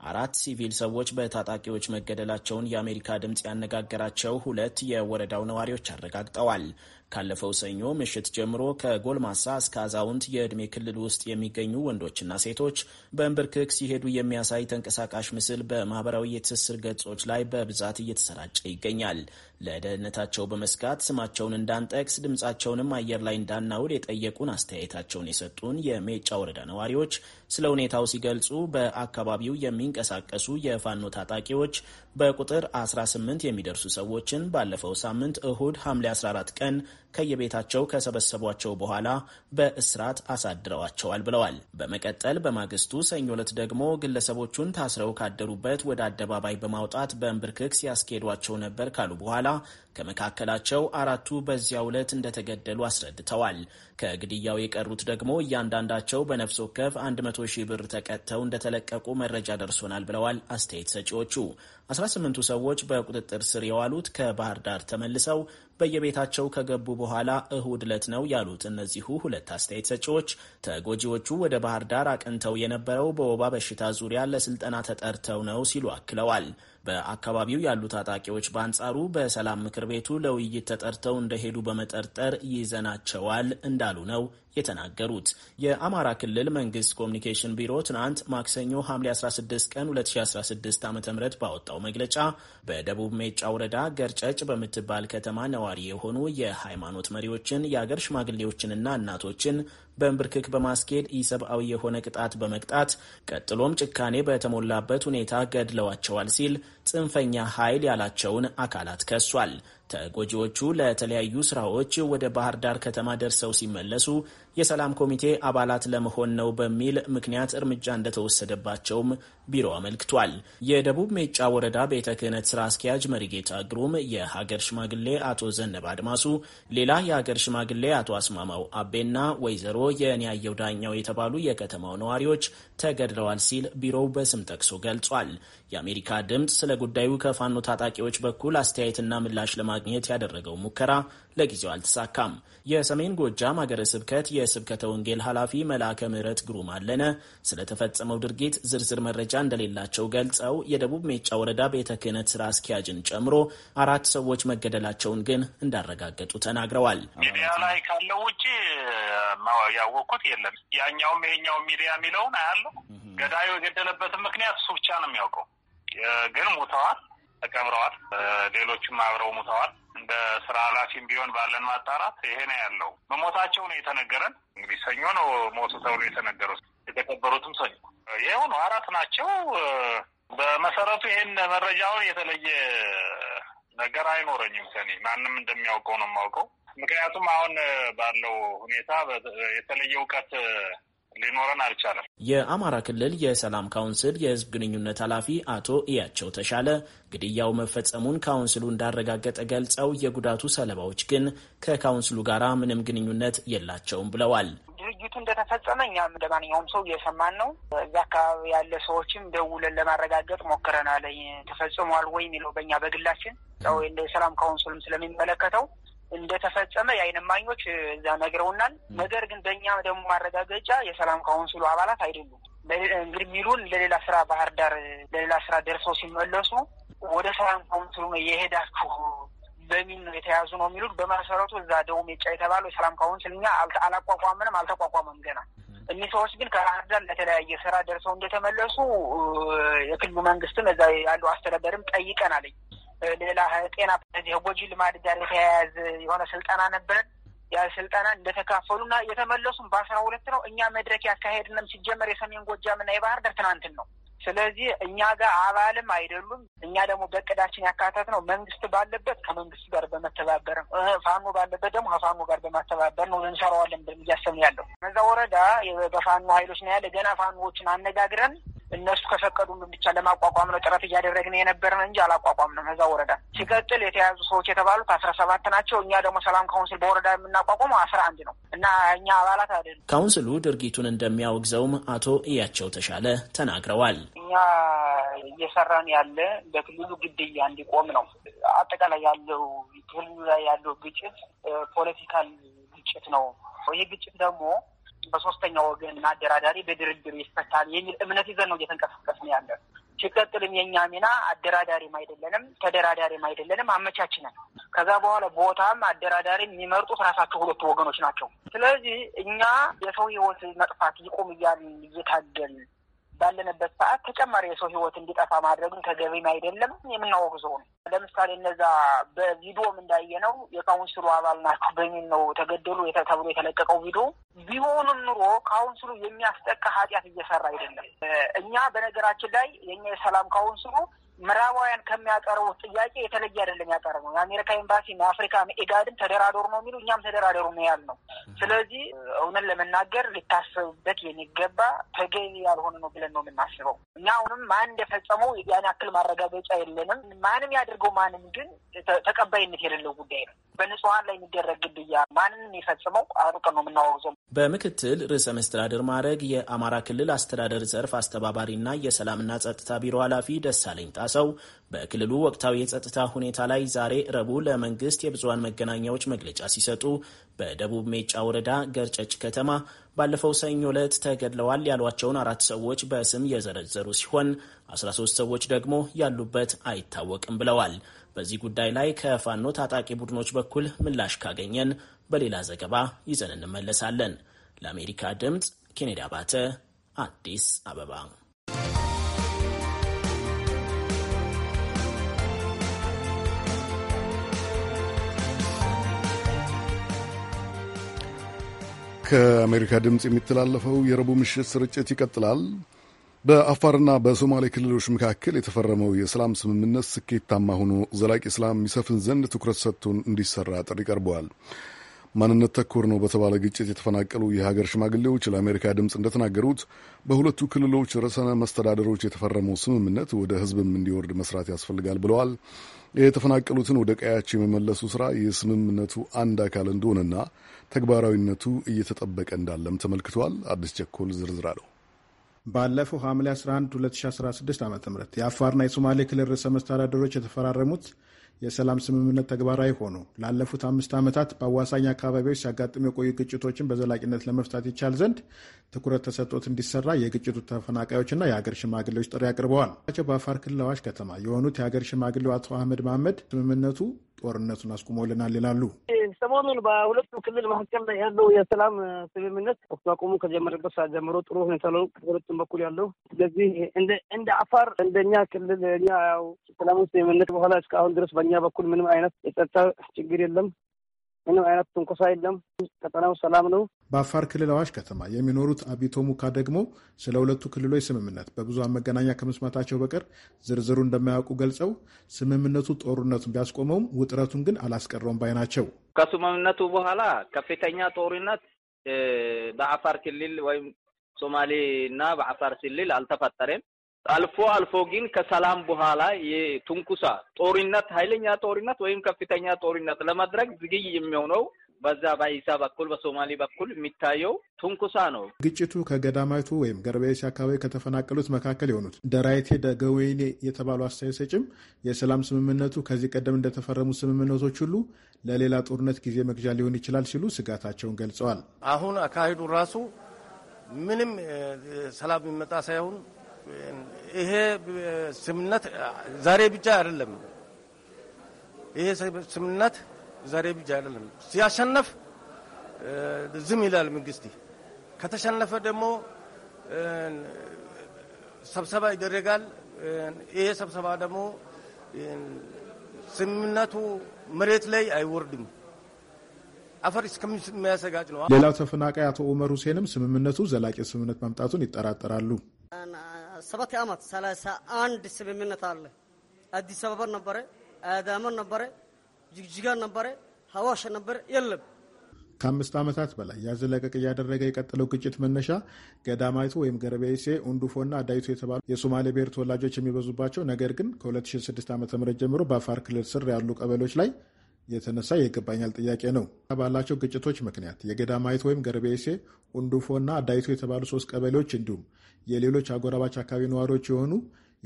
አራት ሲቪል ሰዎች በታጣቂዎች መገደላቸውን የአሜሪካ ድምፅ ያነጋገራቸው ሁለት የወረዳው ነዋሪዎች አረጋግጠዋል። ካለፈው ሰኞ ምሽት ጀምሮ ከጎልማሳ እስከ አዛውንት የዕድሜ ክልል ውስጥ የሚገኙ ወንዶችና ሴቶች በእንብርክክ ሲሄዱ የሚያሳይ ተንቀሳቃሽ ምስል በማህበራዊ የትስስር ገጾች ላይ በብዛት እየተሰራጨ ይገኛል። ለደህንነታቸው በመስጋት ስማቸውን እንዳንጠቅስ፣ ድምፃቸውንም አየር ላይ እንዳናውል የጠየቁን አስተያየታቸውን የሰጡን የሜጫ ወረዳ ነዋሪዎች ስለ ሁኔታው ሲገልጹ በአካባቢው የሚ የሚንቀሳቀሱ የፋኖ ታጣቂዎች በቁጥር 18 የሚደርሱ ሰዎችን ባለፈው ሳምንት እሁድ ሐምሌ 14 ቀን ከየቤታቸው ከሰበሰቧቸው በኋላ በእስራት አሳድረዋቸዋል ብለዋል። በመቀጠል በማግስቱ ሰኞ ዕለት ደግሞ ግለሰቦቹን ታስረው ካደሩበት ወደ አደባባይ በማውጣት በእንብርክክ ሲያስኬዷቸው ነበር ካሉ በኋላ ከመካከላቸው አራቱ በዚያው ዕለት እንደተገደሉ አስረድተዋል። ከግድያው የቀሩት ደግሞ እያንዳንዳቸው በነፍስ ወከፍ 100 ሺህ ብር ተቀጥተው እንደተለቀቁ መረጃ ደርሶናል ብለዋል አስተያየት ሰጪዎቹ። 18ቱ ሰዎች በቁጥጥር ስር የዋሉት ከባህር ዳር ተመልሰው በየቤታቸው ከገቡ በኋላ እሁድ ዕለት ነው ያሉት እነዚሁ ሁለት አስተያየት ሰጪዎች ተጎጂዎቹ ወደ ባህር ዳር አቅንተው የነበረው በወባ በሽታ ዙሪያ ለስልጠና ተጠርተው ነው ሲሉ አክለዋል። በአካባቢው ያሉ ታጣቂዎች በአንጻሩ በሰላም ምክር ቤቱ ለውይይት ተጠርተው እንደሄዱ በመጠርጠር ይዘናቸዋል እንዳሉ ነው የተናገሩት። የአማራ ክልል መንግስት ኮሚኒኬሽን ቢሮ ትናንት ማክሰኞ ሐምሌ 16 ቀን 2016 ዓ ም ባወጣው መግለጫ በደቡብ ሜጫ ወረዳ ገርጨጭ በምትባል ከተማ ነዋሪ የሆኑ የሃይማኖት መሪዎችን የአገር ሽማግሌዎችንና እናቶችን በንብርክክ በማስኬድ ኢሰብአዊ የሆነ ቅጣት በመቅጣት ቀጥሎም ጭካኔ በተሞላበት ሁኔታ ገድለዋቸዋል ሲል ጽንፈኛ ኃይል ያላቸውን አካላት ከሷል። ተጎጂዎቹ ለተለያዩ ስራዎች ወደ ባህር ዳር ከተማ ደርሰው ሲመለሱ የሰላም ኮሚቴ አባላት ለመሆን ነው በሚል ምክንያት እርምጃ እንደተወሰደባቸውም ቢሮ አመልክቷል። የደቡብ ሜጫ ወረዳ ቤተ ክህነት ስራ አስኪያጅ መሪጌታ ግሩም፣ የሀገር ሽማግሌ አቶ ዘነብ አድማሱ፣ ሌላ የሀገር ሽማግሌ አቶ አስማማው አቤና ወይዘሮ የኒያየው ዳኛው የተባሉ የከተማው ነዋሪዎች ተገድለዋል ሲል ቢሮው በስም ጠቅሶ ገልጿል። የአሜሪካ ድምፅ ስለ ጉዳዩ ከፋኖ ታጣቂዎች በኩል አስተያየትና ምላሽ ለማግኘት ያደረገው ሙከራ ለጊዜው አልተሳካም። የሰሜን ጎጃም ሀገረ ስብከት የ የስብከተ ወንጌል ኃላፊ መልአከ ምሕረት ግሩም አለነ ስለተፈጸመው ድርጊት ዝርዝር መረጃ እንደሌላቸው ገልጸው የደቡብ ሜጫ ወረዳ ቤተ ክህነት ስራ አስኪያጅን ጨምሮ አራት ሰዎች መገደላቸውን ግን እንዳረጋገጡ ተናግረዋል። ሚዲያ ላይ ካለው ውጭ ያወቅኩት የለም። ያኛውም ይሄኛው ሚዲያ የሚለውን አያለው። ገዳዩ የገደለበትን ምክንያት እሱ ብቻ ነው የሚያውቀው። ግን ሙተዋል፣ ተቀብረዋል። ሌሎችም አብረው ሙተዋል። እንደ ስራ ኃላፊም ቢሆን ባለን ማጣራት ይሄ ነው ያለው። መሞታቸው ነው የተነገረን። እንግዲህ ሰኞ ነው ሞቱ ተብሎ የተነገረው። የተቀበሩትም ሰኞ ይሄው ነው። አራት ናቸው። በመሰረቱ ይህን መረጃውን የተለየ ነገር አይኖረኝም ከኔ ማንም እንደሚያውቀው ነው የማውቀው። ምክንያቱም አሁን ባለው ሁኔታ የተለየ እውቀት ሊኖረን አልቻለም። የአማራ ክልል የሰላም ካውንስል የህዝብ ግንኙነት ኃላፊ አቶ እያቸው ተሻለ ግድያው መፈጸሙን ካውንስሉ እንዳረጋገጠ ገልጸው የጉዳቱ ሰለባዎች ግን ከካውንስሉ ጋራ ምንም ግንኙነት የላቸውም ብለዋል። ድርጊቱ እንደተፈጸመ እኛም እንደ ማንኛውም ሰው እየሰማን ነው። እዚ አካባቢ ያለ ሰዎችም ደውለን ለማረጋገጥ ሞክረናል። ተፈጽሟል ወይ የሚለው በእኛ በግላችን ሰው ሰላም ካውንስሉም ስለሚመለከተው እንደተፈጸመ የአይን እማኞች እዛ ነግረውናል። ነገር ግን በእኛ ደግሞ ማረጋገጫ የሰላም ካውንስሉ አባላት አይደሉም። እንግዲህ ሚሉን ለሌላ ስራ ባህር ዳር ለሌላ ስራ ደርሰው ሲመለሱ ወደ ሰላም ካውንስሉ ነው የሄዳችሁ በሚል ነው የተያዙ ነው የሚሉት። በመሰረቱ እዛ ደቡብ ሜጫ የተባለው የሰላም ካውንስል እኛ አላቋቋምንም፣ አልተቋቋመም ገና። እኒህ ሰዎች ግን ከባህር ዳር ለተለያየ ስራ ደርሰው እንደተመለሱ የክልሉ መንግስትም እዛ ያለው አስተዳደርም ጠይቀን አለኝ ሌላ ጤና ጎጂ ልማድ ጋር የተያያዘ የሆነ ስልጠና ነበረን። ያ ስልጠና እንደተካፈሉና የተመለሱም በአስራ ሁለት ነው። እኛ መድረክ ያካሄድንም ሲጀመር የሰሜን ጎጃምና የባህር ዳር ትናንትን ነው። ስለዚህ እኛ ጋር አባልም አይደሉም። እኛ ደግሞ በእቅዳችን ያካተት ነው መንግስት ባለበት ከመንግስት ጋር በመተባበር ፋኖ ባለበት ደግሞ ከፋኖ ጋር በማተባበር ነው እንሰራዋለን ብለን እያሰብን ያለው። እነዛ ወረዳ በፋኖ ኃይሎች ነው ያለ ገና ፋኖዎችን አነጋግረን እነሱ ከፈቀዱ ብቻ ለማቋቋም ነው ጥረት እያደረግን የነበርን እንጂ አላቋቋም ነው። ከዛ ወረዳ ሲቀጥል የተያዙ ሰዎች የተባሉት አስራ ሰባት ናቸው። እኛ ደግሞ ሰላም ካውንስል በወረዳ የምናቋቋመው አስራ አንድ ነው እና እኛ አባላት አይደለም። ካውንስሉ ድርጊቱን እንደሚያወግዘውም አቶ እያቸው ተሻለ ተናግረዋል። እኛ እየሰራን ያለ በክልሉ ግድያ እንዲቆም ነው። አጠቃላይ ያለው ክልሉ ላይ ያለው ግጭት ፖለቲካል ግጭት ነው። ይህ ግጭት ደግሞ በሶስተኛ ወገን አደራዳሪ በድርድር ይፈታል የሚል እምነት ይዘን ነው እየተንቀሳቀስ ነው ያለን። ሲቀጥልም የእኛ ሚና አደራዳሪም አይደለንም፣ ተደራዳሪም አይደለንም፣ አመቻች ነን። ከዛ በኋላ ቦታም አደራዳሪ የሚመርጡት ራሳቸው ሁለቱ ወገኖች ናቸው። ስለዚህ እኛ የሰው ህይወት መጥፋት ይቁም እያልን እየታገልን ባለንበት ሰዓት ተጨማሪ የሰው ህይወት እንዲጠፋ ማድረግም ተገቢም አይደለም፣ የምናወግዘው ነው። ለምሳሌ እነዛ በቪዲዮም እንዳየነው የካውንስሉ አባል ናቸው በሚል ነው ተገደሉ ተብሎ የተለቀቀው ቪዲዮ። ቢሆንም ኑሮ ካውንስሉ የሚያስጠቃ ኃጢአት እየሰራ አይደለም። እኛ በነገራችን ላይ የኛ የሰላም ካውንስሉ ምዕራባውያን ከሚያቀርቡት ጥያቄ የተለየ አይደለም ያቀርበው። የአሜሪካ ኤምባሲም የአፍሪካም ኢጋድም ተደራደሩ ነው የሚሉ እኛም ተደራደሩ ነው ያል ነው። ስለዚህ እውነን ለመናገር ሊታሰብበት የሚገባ ተገቢ ያልሆነ ነው ብለን ነው የምናስበው እኛ። አሁንም ማን እንደፈጸመው ያን ያክል ማረጋገጫ የለንም። ማንም ያደርገው ማንም ግን ተቀባይነት የሌለው ጉዳይ ነው። በንጹሀን ላይ የሚደረግ ግድያ ማንንም የፈጽመው አጥብቀን ነው የምናወግዘው። በምክትል ርዕሰ መስተዳደር ማድረግ የአማራ ክልል አስተዳደር ዘርፍ አስተባባሪና የሰላምና ጸጥታ ቢሮ ኃላፊ ደሳለኝ ጣ ጣሰው በክልሉ ወቅታዊ የጸጥታ ሁኔታ ላይ ዛሬ ረቡዕ ለመንግስት የብዙሃን መገናኛዎች መግለጫ ሲሰጡ በደቡብ ሜጫ ወረዳ ገርጨጭ ከተማ ባለፈው ሰኞ ዕለት ተገድለዋል ያሏቸውን አራት ሰዎች በስም የዘረዘሩ ሲሆን 13 ሰዎች ደግሞ ያሉበት አይታወቅም ብለዋል። በዚህ ጉዳይ ላይ ከፋኖ ታጣቂ ቡድኖች በኩል ምላሽ ካገኘን በሌላ ዘገባ ይዘን እንመለሳለን። ለአሜሪካ ድምፅ ኬኔዲ አባተ አዲስ አበባ ከአሜሪካ ድምፅ የሚተላለፈው የረቡዕ ምሽት ስርጭት ይቀጥላል። በአፋርና በሶማሌ ክልሎች መካከል የተፈረመው የሰላም ስምምነት ስኬታማ ሆኖ ዘላቂ ሰላም ይሰፍን ዘንድ ትኩረት ሰጥቶን እንዲሰራ ጥሪ ቀርበዋል። ማንነት ተኮር ነው በተባለ ግጭት የተፈናቀሉ የሀገር ሽማግሌዎች ለአሜሪካ ድምፅ እንደተናገሩት በሁለቱ ክልሎች ርዕሰ መስተዳደሮች የተፈረመው ስምምነት ወደ ሕዝብም እንዲወርድ መስራት ያስፈልጋል ብለዋል። የተፈናቀሉትን ወደ ቀያቸው የመመለሱ ስራ የስምምነቱ አንድ አካል እንደሆነና ተግባራዊነቱ እየተጠበቀ እንዳለም ተመልክቷል። አዲስ ቸኮል ዝርዝር አለው። ባለፈው ሐምሌ 11 2016 ዓ ም የአፋርና የሶማሌ ክልል ርዕሰ መስተዳደሮች የተፈራረሙት የሰላም ስምምነት ተግባራዊ ሆኖ ላለፉት አምስት ዓመታት በአዋሳኝ አካባቢዎች ሲያጋጥሙ የቆዩ ግጭቶችን በዘላቂነት ለመፍታት ይቻል ዘንድ ትኩረት ተሰጥቶት እንዲሰራ የግጭቱ ተፈናቃዮችና የሀገር ሽማግሌዎች ጥሪ አቅርበዋል። በአፋር ክልል አዋሽ ከተማ የሆኑት የሀገር ሽማግሌው አቶ አህመድ መሐመድ ስምምነቱ ጦርነቱን አስቁመውልናል ይላሉ። ሰሞኑን በሁለቱ ክልል መካከል ላይ ያለው የሰላም ስምምነት ተኩስ አቁሙ ከጀመረበት ሰዓት ጀምሮ ጥሩ ሁኔታ ለው በሁለቱም በኩል ያለው ስለዚህ እንደ አፋር እንደኛ ክልል እኛ ያው ሰላሙ ስምምነት በኋላ እስከ አሁን ድረስ በእኛ በኩል ምንም አይነት የጸጥታ ችግር የለም። ምንም አይነት ትንኮሳ የለም። ቀጠናው ሰላም ነው። በአፋር ክልል አዋሽ ከተማ የሚኖሩት አቢቶ ሙካ ደግሞ ስለ ሁለቱ ክልሎች ስምምነት በብዙሃን መገናኛ ከመስማታቸው በቀር ዝርዝሩ እንደማያውቁ ገልጸው ስምምነቱ ጦርነቱን ቢያስቆመውም ውጥረቱን ግን አላስቀረውም ባይ ናቸው። ከስምምነቱ በኋላ ከፍተኛ ጦርነት በአፋር ክልል ወይም ሶማሌ እና በአፋር ክልል አልተፈጠረም። አልፎ አልፎ ግን ከሰላም በኋላ የትንኩሳ ጦርነት፣ ኃይለኛ ጦርነት ወይም ከፍተኛ ጦርነት ለማድረግ ዝግይ የሚሆነው በዛ በኢሳ በኩል በሶማሌ በኩል የሚታየው ትንኩሳ ነው። ግጭቱ ከገዳማይቱ ወይም ገርቤሳ አካባቢ ከተፈናቀሉት መካከል የሆኑት ደራይቴ ደገወይኔ የተባሉ አስተያየት ሰጭም የሰላም ስምምነቱ ከዚህ ቀደም እንደተፈረሙ ስምምነቶች ሁሉ ለሌላ ጦርነት ጊዜ መግዣ ሊሆን ይችላል ሲሉ ስጋታቸውን ገልጸዋል። አሁን አካሄዱ ራሱ ምንም ሰላም የሚመጣ ሳይሆን ይሄ ስምምነት ዛሬ ብቻ አይደለም። ይሄ ስምምነት ዛሬ ብቻ አይደለም። ሲያሸነፍ ዝም ይላል መንግስት። ከተሸነፈ ደግሞ ስብሰባ ይደረጋል። ይሄ ስብሰባ ደግሞ ስምምነቱ መሬት ላይ አይወርድም። አፈር እስከሚያሰጋጭ ነው። ሌላው ተፈናቃይ አቶ ኡመር ሁሴንም ስምምነቱ ዘላቂ ስምምነት ማምጣቱን ይጠራጠራሉ። ሰባት ዓመት ሰላሳ አንድ ስምምነት አለ። አዲስ አበባ ነበረ፣ አዳማ ነበረ፣ ጅግጅጋ ነበረ፣ ሀዋሽ ነበረ። የለም ከአምስት ዓመታት በላይ ያዘለቀቅ እያደረገ የቀጠለው ግጭት መነሻ ገዳማይቱ ወይም ገረቤሴ ኡንዱፎና አዳይቱ የተባሉ የሶማሌ ብሔር ተወላጆች የሚበዙባቸው ነገር ግን ከ2006 ዓ ም ጀምሮ በአፋር ክልል ስር ያሉ ቀበሌዎች ላይ የተነሳ የይገባኛል ጥያቄ ነው። ባላቸው ግጭቶች ምክንያት የገዳማይት ወይም ገርቤሴ፣ እና አዳይቶ የተባሉ ሶስት ቀበሌዎች እንዲሁም የሌሎች አጎራባች አካባቢ ነዋሪዎች የሆኑ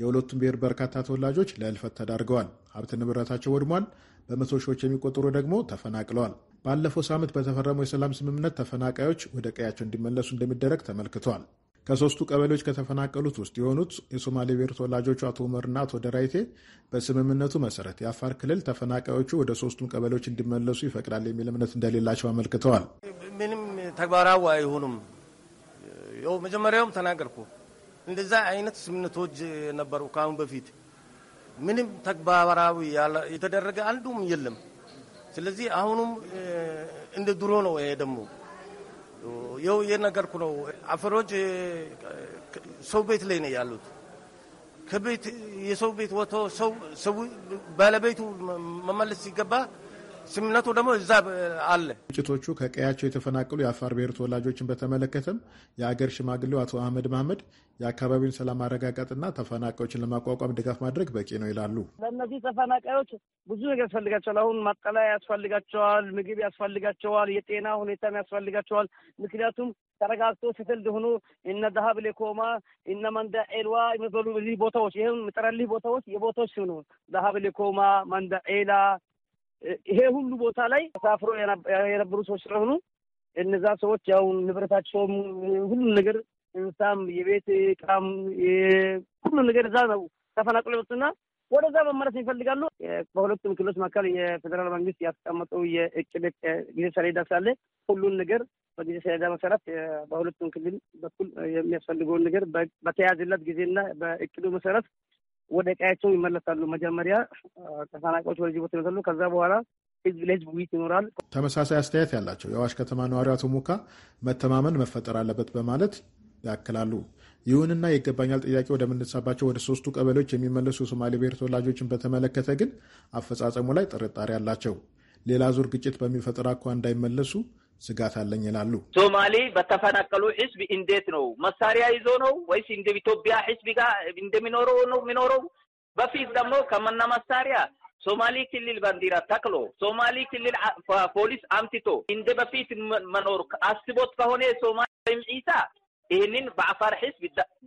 የሁለቱም ብሔር በርካታ ተወላጆች ለህልፈት ተዳርገዋል። ሀብት ንብረታቸው ወድሟል። በመቶ ሺዎች የሚቆጠሩ ደግሞ ተፈናቅለዋል። ባለፈው ሳምንት በተፈረመው የሰላም ስምምነት ተፈናቃዮች ወደ ቀያቸው እንዲመለሱ እንደሚደረግ ተመልክቷል። ከሶስቱ ቀበሌዎች ከተፈናቀሉት ውስጥ የሆኑት የሶማሌ ብሔር ተወላጆቹ አቶ ኡመርና አቶ ደራይቴ በስምምነቱ መሰረት የአፋር ክልል ተፈናቃዮቹ ወደ ሶስቱም ቀበሌዎች እንዲመለሱ ይፈቅዳል የሚል እምነት እንደሌላቸው አመልክተዋል። ምንም ተግባራዊ አይሆኑም። ያው መጀመሪያውም ተናገርኩ። እንደዛ አይነት ስምምነቶች ነበሩ ከአሁን በፊት ምንም ተግባራዊ የተደረገ አንዱም የለም። ስለዚህ አሁኑም እንደ ድሮ ነው። ይሄ ደግሞ ይኸው የነገርኩ ነው። አፈሮች ሰው ቤት ላይ ነው ያሉት። ከቤት የሰው ቤት ወጥቶ ሰው ባለቤቱ መመለስ ሲገባ ስምምነቱ ደግሞ እዛ አለ። ግጭቶቹ ከቀያቸው የተፈናቀሉ የአፋር ብሔር ተወላጆችን በተመለከተም የአገር ሽማግሌው አቶ አህመድ ማህመድ የአካባቢውን ሰላም ማረጋጋጥና ተፈናቃዮችን ለማቋቋም ድጋፍ ማድረግ በቂ ነው ይላሉ። ለእነዚህ ተፈናቃዮች ብዙ ነገር ያስፈልጋቸዋል። አሁን ማጠላ ያስፈልጋቸዋል፣ ምግብ ያስፈልጋቸዋል፣ የጤና ሁኔታም ያስፈልጋቸዋል። ምክንያቱም ተረጋግቶ ስትል ሆኖ እነ ዳሀብ ሌኮማ እነ መንዳ ኤልዋ የመበሉ ቦታዎች ይህም ምጠረልህ ቦታዎች የቦታዎች ስም ነው። ዳሀብ ሌኮማ መንዳ ኤላ ይሄ ሁሉ ቦታ ላይ ተሳፍሮ የነበሩ ሰዎች ስለሆኑ እነዛ ሰዎች ያው ንብረታቸውም ሁሉም ነገር እንስሳም፣ የቤት ቃም ሁሉም ነገር እዛ ነው ተፈናቅሎ ይወጡና ወደዛ መመለስ ይፈልጋሉ። በሁለቱም ክልሎች መካከል የፌዴራል መንግስት ያስቀመጠው የእቅድ ጊዜ ሰሌዳ ስላለ ሁሉን ነገር በጊዜ ሰሌዳ መሰረት በሁለቱም ክልል በኩል የሚያስፈልገውን ነገር በተያዘለት ጊዜና በእቅዱ መሰረት ወደ ቀያቸው ይመለሳሉ። መጀመሪያ ተፈናቃዮች ወደ ጅቡቲ ይመለሳሉ። ከዛ በኋላ ህዝብ ለህዝብ ውይይት ይኖራል። ተመሳሳይ አስተያየት ያላቸው የአዋሽ ከተማ ነዋሪ አቶ ሙካ መተማመን መፈጠር አለበት በማለት ያክላሉ። ይሁንና የይገባኛል ጥያቄ ወደምነሳባቸው ወደ ሶስቱ ቀበሌዎች የሚመለሱ የሶማሌ ብሔር ተወላጆችን በተመለከተ ግን አፈጻጸሙ ላይ ጥርጣሬ አላቸው። ሌላ ዙር ግጭት በሚፈጥር አኳ እንዳይመለሱ ስጋት አለኝ ይላሉ። ሶማሌ በተፈናቀሉ ህዝብ እንዴት ነው መሳሪያ ይዞ ነው ወይስ እንደ ኢትዮጵያ ህዝብ ጋር እንደሚኖረው ነው የሚኖረው? በፊት ደግሞ ከመና መሳሪያ ሶማሌ ክልል ባንዲራ ተክሎ ሶማሌ ክልል ፖሊስ አምትቶ እንደ በፊት መኖር አስቦት ከሆነ ሶማሊ ወይም ኢሳ ይህንን በአፋር ህዝብ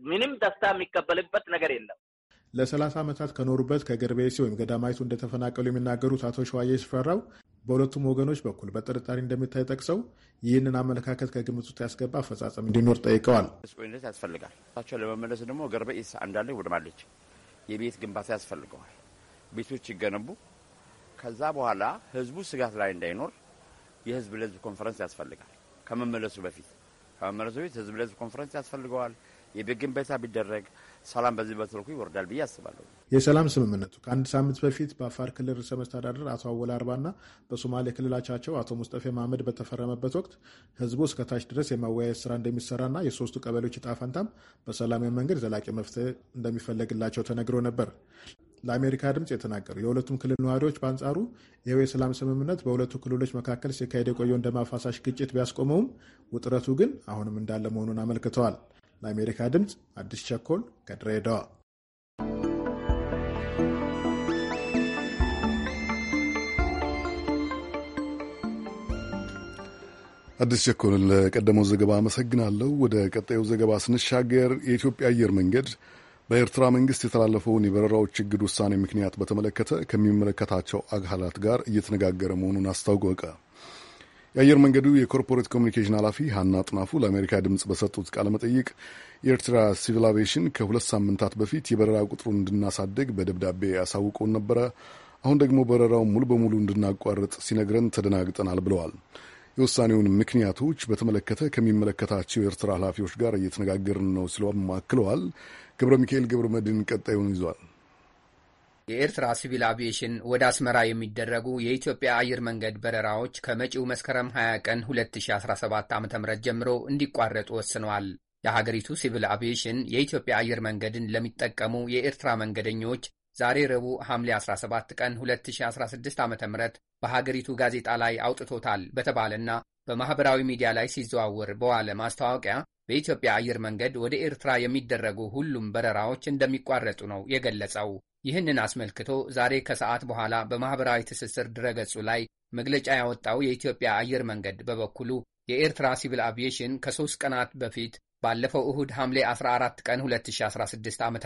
ምንም ደስታ የሚቀበልበት ነገር የለም። ለሰላሳ ዓመታት ከኖሩበት ከገርቤሲ ወይም ገዳማይቱ እንደተፈናቀሉ የሚናገሩት አቶ ሸዋዬ ሽፈራው በሁለቱም ወገኖች በኩል በጥርጣሬ እንደሚታይ ጠቅሰው ይህንን አመለካከት ከግምት ውስጥ ያስገባ አፈጻጸም እንዲኖር ጠይቀዋል። ስቆኝነት ያስፈልጋል ታቸው ለመመለስ ደግሞ ገርበ ኢሳ እንዳለ ይወድማለች። የቤት ግንባታ ያስፈልገዋል። ቤቶች ይገነቡ። ከዛ በኋላ ህዝቡ ስጋት ላይ እንዳይኖር የህዝብ ለህዝብ ኮንፈረንስ ያስፈልጋል። ከመመለሱ በፊት ከመመለሱ በፊት ህዝብ ለህዝብ ኮንፈረንስ ያስፈልገዋል። የቤት ግንባታ ቢደረግ ሰላም በዚህ በትልኩ ይወርዳል ብዬ አስባለሁ። የሰላም ስምምነቱ ከአንድ ሳምንት በፊት በአፋር ክልል ርዕሰ መስተዳደር አቶ አወል አርባና በሶማሌ ክልላቻቸው አቶ ሙስጠፌ መሐመድ በተፈረመበት ወቅት ህዝቡ እስከታች ድረስ የማወያየት ስራ እንደሚሰራና የሶስቱ ቀበሌዎች ዕጣ ፈንታም በሰላማዊ መንገድ ዘላቂ መፍትሄ እንደሚፈለግላቸው ተነግሮ ነበር። ለአሜሪካ ድምፅ የተናገሩ የሁለቱም ክልል ነዋሪዎች በአንጻሩ ይኸው የሰላም ስምምነት በሁለቱ ክልሎች መካከል ሲካሄድ የቆየውን ደም አፋሳሽ ግጭት ቢያስቆመውም ውጥረቱ ግን አሁንም እንዳለ መሆኑን አመልክተዋል። ለአሜሪካ ድምፅ አዲስ ቸኮል ከድሬዳዋ። አዲስ ቸኮልን ለቀደመው ዘገባ አመሰግናለሁ። ወደ ቀጣዩ ዘገባ ስንሻገር የኢትዮጵያ አየር መንገድ በኤርትራ መንግስት የተላለፈውን የበረራዎች እግድ ውሳኔ ምክንያት በተመለከተ ከሚመለከታቸው አካላት ጋር እየተነጋገረ መሆኑን አስታወቀ። የአየር መንገዱ የኮርፖሬት ኮሚኒኬሽን ኃላፊ ሀና ጥናፉ ለአሜሪካ ድምፅ በሰጡት ቃለ መጠይቅ የኤርትራ ሲቪል አቪዬሽን ከሁለት ሳምንታት በፊት የበረራ ቁጥሩን እንድናሳድግ በደብዳቤ ያሳውቀውን ነበረ። አሁን ደግሞ በረራውን ሙሉ በሙሉ እንድናቋርጥ ሲነግረን ተደናግጠናል ብለዋል። የውሳኔውን ምክንያቶች በተመለከተ ከሚመለከታቸው የኤርትራ ኃላፊዎች ጋር እየተነጋገርን ነው ሲሉ አክለዋል። ገብረ ሚካኤል ገብረ መድን ቀጣዩን ይዟል። የኤርትራ ሲቪል አቪዬሽን ወደ አስመራ የሚደረጉ የኢትዮጵያ አየር መንገድ በረራዎች ከመጪው መስከረም 20 ቀን 2017 ዓ ም ጀምሮ እንዲቋረጡ ወስነዋል። የሀገሪቱ ሲቪል አቪዬሽን የኢትዮጵያ አየር መንገድን ለሚጠቀሙ የኤርትራ መንገደኞች ዛሬ ረቡዕ ሐምሌ 17 ቀን 2016 ዓ ም በሀገሪቱ ጋዜጣ ላይ አውጥቶታል በተባለና በማኅበራዊ ሚዲያ ላይ ሲዘዋወር በዋለ ማስታወቂያ በኢትዮጵያ አየር መንገድ ወደ ኤርትራ የሚደረጉ ሁሉም በረራዎች እንደሚቋረጡ ነው የገለጸው። ይህንን አስመልክቶ ዛሬ ከሰዓት በኋላ በማኅበራዊ ትስስር ድረገጹ ላይ መግለጫ ያወጣው የኢትዮጵያ አየር መንገድ በበኩሉ የኤርትራ ሲቪል አቪዬሽን ከሦስት ቀናት በፊት ባለፈው እሁድ ሐምሌ 14 ቀን 2016 ዓ ም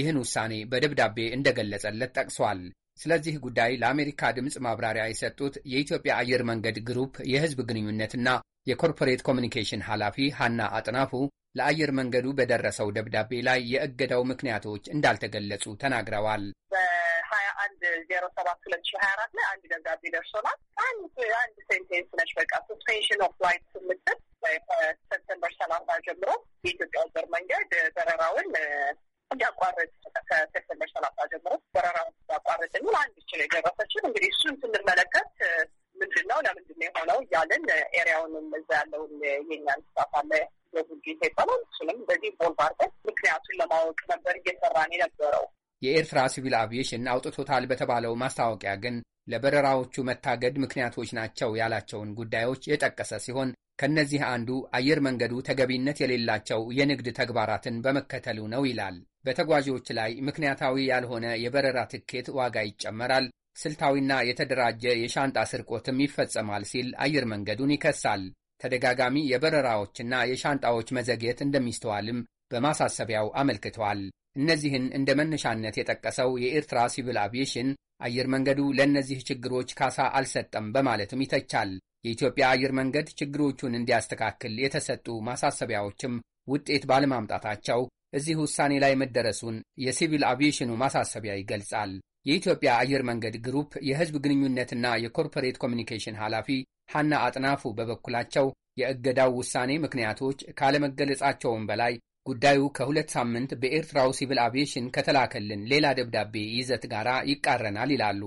ይህን ውሳኔ በደብዳቤ እንደገለጸለት ጠቅሷል። ስለዚህ ጉዳይ ለአሜሪካ ድምፅ ማብራሪያ የሰጡት የኢትዮጵያ አየር መንገድ ግሩፕ የሕዝብ ግንኙነትና የኮርፖሬት ኮሚኒኬሽን ኃላፊ ሃና አጥናፉ ለአየር መንገዱ በደረሰው ደብዳቤ ላይ የእገዳው ምክንያቶች እንዳልተገለጹ ተናግረዋል። በሀያ አንድ ዜሮ ሰባት ሁለት ሺህ ሀያ አራት ላይ አንድ ደብዳቤ ደርሶናል። አንድ አንድ ሴንቴንስ ነች። በቃ ሰስፔንሽን ኦፍ ላይት ስምትል ሰፕተምበር ሰላሳ ጀምሮ የኢትዮጵያ አየር መንገድ በረራውን እንዲያቋረጥ ከሴፕተምበር ሰላሳ ጀምሮ በረራ እንዲያቋረጥ የሚል አንድ ች ነው የደረሰችን። እንግዲህ እሱን ስንመለከት ምንድን ነው ለምንድን ነው የሆነው እያለን ኤሪያውንም እዛ ያለውን የኛ ስፋት አለ የቡጊ ይባላል እሱንም እንደዚህ ቦልባርበት ምክንያቱን ለማወቅ ነበር እየሰራን የነበረው። የኤርትራ ሲቪል አቪዬሽን አውጥቶታል በተባለው ማስታወቂያ ግን ለበረራዎቹ መታገድ ምክንያቶች ናቸው ያላቸውን ጉዳዮች የጠቀሰ ሲሆን ከእነዚህ አንዱ አየር መንገዱ ተገቢነት የሌላቸው የንግድ ተግባራትን በመከተሉ ነው ይላል። በተጓዦች ላይ ምክንያታዊ ያልሆነ የበረራ ትኬት ዋጋ ይጨመራል፣ ስልታዊና የተደራጀ የሻንጣ ስርቆትም ይፈጸማል ሲል አየር መንገዱን ይከሳል። ተደጋጋሚ የበረራዎችና የሻንጣዎች መዘግየት እንደሚስተዋልም በማሳሰቢያው አመልክተዋል። እነዚህን እንደ መነሻነት የጠቀሰው የኤርትራ ሲቪል አቪዬሽን አየር መንገዱ ለእነዚህ ችግሮች ካሳ አልሰጠም በማለትም ይተቻል። የኢትዮጵያ አየር መንገድ ችግሮቹን እንዲያስተካክል የተሰጡ ማሳሰቢያዎችም ውጤት ባለማምጣታቸው እዚህ ውሳኔ ላይ መደረሱን የሲቪል አቪዬሽኑ ማሳሰቢያ ይገልጻል። የኢትዮጵያ አየር መንገድ ግሩፕ የሕዝብ ግንኙነትና የኮርፖሬት ኮሚኒኬሽን ኃላፊ ሐና አጥናፉ በበኩላቸው የእገዳው ውሳኔ ምክንያቶች ካለመገለጻቸውም በላይ ጉዳዩ ከሁለት ሳምንት በኤርትራው ሲቪል አቪዬሽን ከተላከልን ሌላ ደብዳቤ ይዘት ጋር ይቃረናል ይላሉ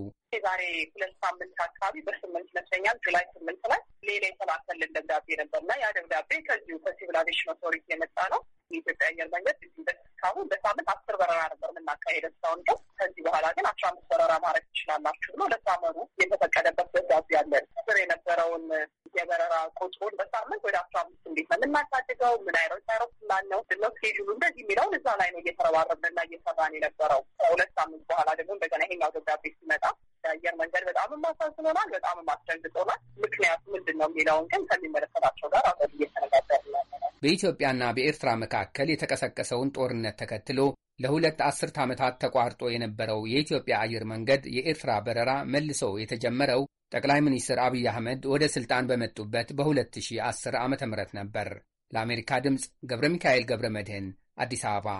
ዛሬ ሁለት ሳምንት አካባቢ በስምንት ይመስለኛል ጁላይ ስምንት ላይ ሌላ የተላከልን ደብዳቤ ነበር ነበርና ያ ደብዳቤ ከዚሁ ከሲቪል አቪዬሽን ኦቶሪቲ የመጣ ነው። የኢትዮጵያ አየር መንገድ እስካሁን በሳምንት አስር በረራ ነበር የምናካሄደ እስካሁን ድረስ። ከዚህ በኋላ ግን አስራ አምስት በረራ ማድረግ ትችላላችሁ ብሎ ለሳመሩ የተፈቀደበት ደብዳቤ ያለን ስር የነበረውን የበረራ ቁጥሩን በሳምንት ወደ አስራ አምስት እንዴት ነው የምናሳድገው? ምን አይነት አይሮፕላን ነው ስኬጁሉ እንደዚህ የሚለውን እዛ ላይ ነው እየተረባረብንና እየሰራን የነበረው። ከሁለት ሳምንት በኋላ ደግሞ እንደገና ይሄኛው ደብዳቤ ሲመጣ የአየር መንገድ በጣም የማሳዝኖናል፣ በጣም የማስደንግጦናል። ምክንያቱ ምንድን ነው የሚለውን ግን ከሚመለከታቸው ጋር አብረን እየተነጋገርን በኢትዮጵያና በኤርትራ መካከል የተቀሰቀሰውን ጦርነት ተከትሎ ለሁለት አስርት ዓመታት ተቋርጦ የነበረው የኢትዮጵያ አየር መንገድ የኤርትራ በረራ መልሶ የተጀመረው ጠቅላይ ሚኒስትር አብይ አህመድ ወደ ስልጣን በመጡበት በ2010 ዓ ም ነበር። ለአሜሪካ ድምፅ ገብረ ሚካኤል ገብረ መድህን አዲስ አበባ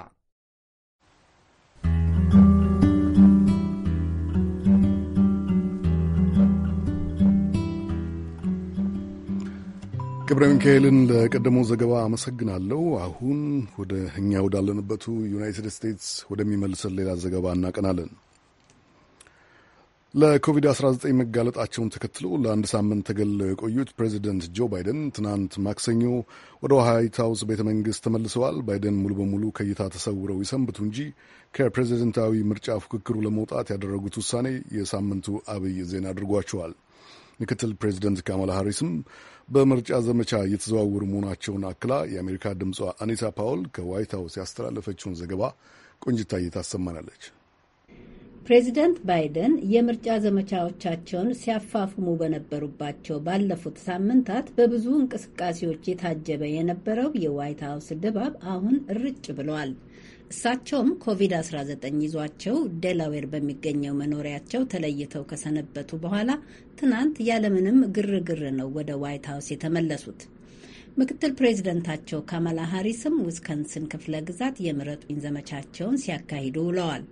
ገብረ ሚካኤልን ለቀደመው ዘገባ አመሰግናለሁ። አሁን ወደ እኛ ወዳለንበቱ ዩናይትድ ስቴትስ ወደሚመልሰን ሌላ ዘገባ እናቀናለን። ለኮቪድ-19 መጋለጣቸውን ተከትሎ ለአንድ ሳምንት ተገልለው የቆዩት ፕሬዚደንት ጆ ባይደን ትናንት ማክሰኞ ወደ ዋይት ሀውስ ቤተ መንግሥት ተመልሰዋል። ባይደን ሙሉ በሙሉ ከእይታ ተሰውረው ይሰንብቱ እንጂ ከፕሬዚደንታዊ ምርጫ ፉክክሩ ለመውጣት ያደረጉት ውሳኔ የሳምንቱ አብይ ዜና አድርጓቸዋል። ምክትል ፕሬዚደንት ካማላ ሃሪስም በምርጫ ዘመቻ እየተዘዋወሩ መሆናቸውን አክላ የአሜሪካ ድምጿ አኒታ ፓውል ከዋይት ሀውስ ያስተላለፈችውን ዘገባ ቆንጅታ እየታሰማናለች። ፕሬዚደንት ባይደን የምርጫ ዘመቻዎቻቸውን ሲያፋፍሙ በነበሩባቸው ባለፉት ሳምንታት በብዙ እንቅስቃሴዎች የታጀበ የነበረው የዋይት ሀውስ ድባብ አሁን ርጭ ብሏል። እሳቸውም ኮቪድ-19 ይዟቸው ዴላዌር በሚገኘው መኖሪያቸው ተለይተው ከሰነበቱ በኋላ ትናንት ያለምንም ግርግር ነው ወደ ዋይት ሀውስ የተመለሱት። ምክትል ፕሬዚደንታቸው ካማላ ሀሪስም ዊስከንስን ክፍለ ግዛት የምረጡኝ ዘመቻቸውን ሲያካሂዱ ውለዋል።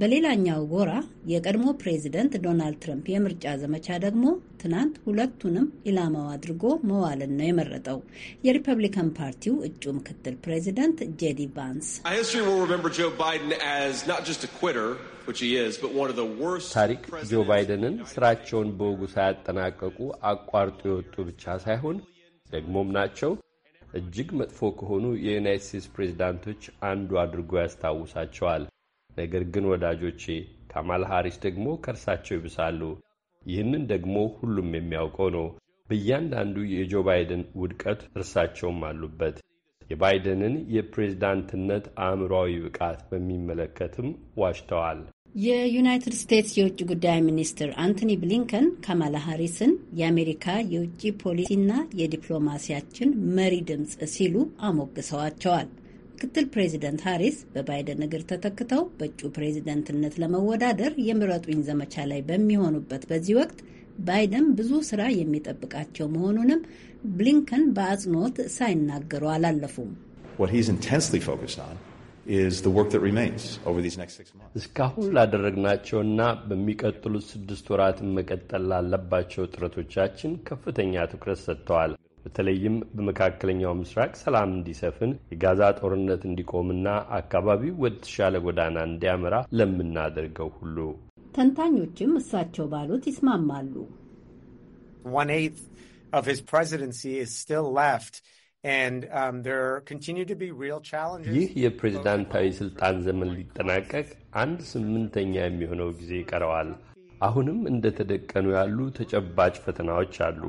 በሌላኛው ጎራ የቀድሞ ፕሬዚደንት ዶናልድ ትራምፕ የምርጫ ዘመቻ ደግሞ ትናንት ሁለቱንም ኢላማው አድርጎ መዋልን ነው የመረጠው። የሪፐብሊካን ፓርቲው እጩ ምክትል ፕሬዚደንት ጄዲ ቫንስ ታሪክ ጆ ባይደንን ስራቸውን በወጉ ሳያጠናቀቁ አቋርጦ የወጡ ብቻ ሳይሆን ደግሞም ናቸው እጅግ መጥፎ ከሆኑ የዩናይት ስቴትስ ፕሬዚዳንቶች አንዱ አድርጎ ያስታውሳቸዋል። ነገር ግን ወዳጆቼ ካማል ሃሪስ ደግሞ ከእርሳቸው ይብሳሉ። ይህንን ደግሞ ሁሉም የሚያውቀው ነው። በእያንዳንዱ የጆ ባይደን ውድቀት እርሳቸውም አሉበት። የባይደንን የፕሬዝዳንትነት አእምሯዊ ብቃት በሚመለከትም ዋሽተዋል። የዩናይትድ ስቴትስ የውጭ ጉዳይ ሚኒስትር አንቶኒ ብሊንከን ካማላ ሃሪስን የአሜሪካ የውጭ ፖሊሲና የዲፕሎማሲያችን መሪ ድምፅ ሲሉ አሞግሰዋቸዋል። ምክትል ፕሬዚደንት ሃሪስ በባይደን እግር ተተክተው በእጩ ፕሬዚደንትነት ለመወዳደር የምረጡኝ ዘመቻ ላይ በሚሆኑበት በዚህ ወቅት ባይደን ብዙ ስራ የሚጠብቃቸው መሆኑንም ብሊንከን በአጽንኦት ሳይናገሩ አላለፉም። እስካሁን ላደረግናቸውና በሚቀጥሉት ስድስት ወራትን መቀጠል ላለባቸው ጥረቶቻችን ከፍተኛ ትኩረት ሰጥተዋል። በተለይም በመካከለኛው ምስራቅ ሰላም እንዲሰፍን የጋዛ ጦርነት እንዲቆምና አካባቢው ወደ ተሻለ ጎዳና እንዲያመራ ለምናደርገው ሁሉ ተንታኞችም እሳቸው ባሉት ይስማማሉ። um, ይህ የፕሬዝዳንታዊ ስልጣን ዘመን ሊጠናቀቅ አንድ ስምንተኛ የሚሆነው ጊዜ ይቀረዋል። አሁንም እንደተደቀኑ ያሉ ተጨባጭ ፈተናዎች አሉ።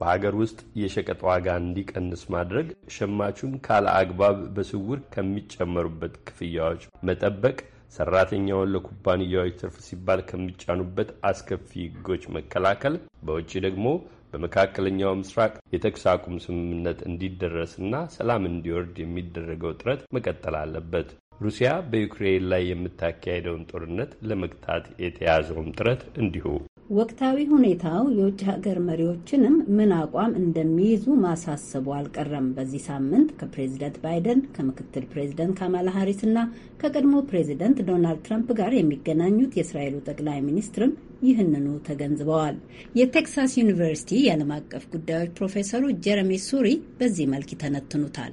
በሀገር ውስጥ የሸቀጥ ዋጋ እንዲቀንስ ማድረግ፣ ሸማቹን ካለ አግባብ በስውር ከሚጨመሩበት ክፍያዎች መጠበቅ፣ ሰራተኛውን ለኩባንያዎች ትርፍ ሲባል ከሚጫኑበት አስከፊ ሕጎች መከላከል፣ በውጭ ደግሞ በመካከለኛው ምስራቅ የተኩስ አቁም ስምምነት እንዲደረስና ሰላም እንዲወርድ የሚደረገው ጥረት መቀጠል አለበት። ሩሲያ በዩክሬን ላይ የምታካሄደውን ጦርነት ለመግታት የተያዘውም ጥረት እንዲሁ ወቅታዊ ሁኔታው የውጭ ሀገር መሪዎችንም ምን አቋም እንደሚይዙ ማሳሰቡ አልቀረም። በዚህ ሳምንት ከፕሬዝደንት ባይደን ከምክትል ፕሬዚደንት ካማላ ሀሪስ እና ከቀድሞ ፕሬዚደንት ዶናልድ ትራምፕ ጋር የሚገናኙት የእስራኤሉ ጠቅላይ ሚኒስትርም ይህንኑ ተገንዝበዋል። የቴክሳስ ዩኒቨርሲቲ የዓለም አቀፍ ጉዳዮች ፕሮፌሰሩ ጀረሚ ሱሪ በዚህ መልክ ይተነትኑታል።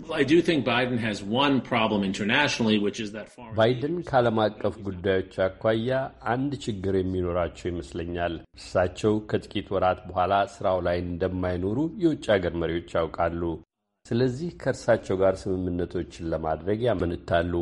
ባይደን ከዓለም አቀፍ ጉዳዮች አኳያ አንድ ችግር የሚኖራቸው ይመስለኛል። እሳቸው ከጥቂት ወራት በኋላ ስራው ላይ እንደማይኖሩ የውጭ ሀገር መሪዎች ያውቃሉ። ስለዚህ ከእርሳቸው ጋር ስምምነቶችን ለማድረግ ያመነታሉ።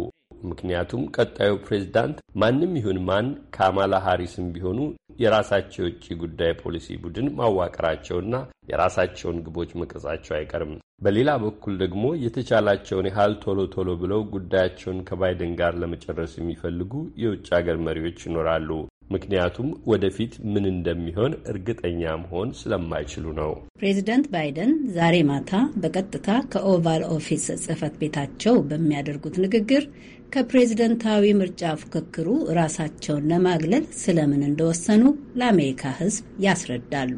ምክንያቱም ቀጣዩ ፕሬዝዳንት ማንም ይሁን ማን ካማላ ሀሪስም ቢሆኑ የራሳቸው የውጭ ጉዳይ ፖሊሲ ቡድን ማዋቀራቸውና የራሳቸውን ግቦች መቅረጻቸው አይቀርም። በሌላ በኩል ደግሞ የተቻላቸውን ያህል ቶሎ ቶሎ ብለው ጉዳያቸውን ከባይደን ጋር ለመጨረስ የሚፈልጉ የውጭ አገር መሪዎች ይኖራሉ። ምክንያቱም ወደፊት ምን እንደሚሆን እርግጠኛ መሆን ስለማይችሉ ነው። ፕሬዚደንት ባይደን ዛሬ ማታ በቀጥታ ከኦቫል ኦፊስ ጽህፈት ቤታቸው በሚያደርጉት ንግግር ከፕሬዝደንታዊ ምርጫ ፉክክሩ ራሳቸውን ለማግለል ስለምን እንደወሰኑ ለአሜሪካ ሕዝብ ያስረዳሉ።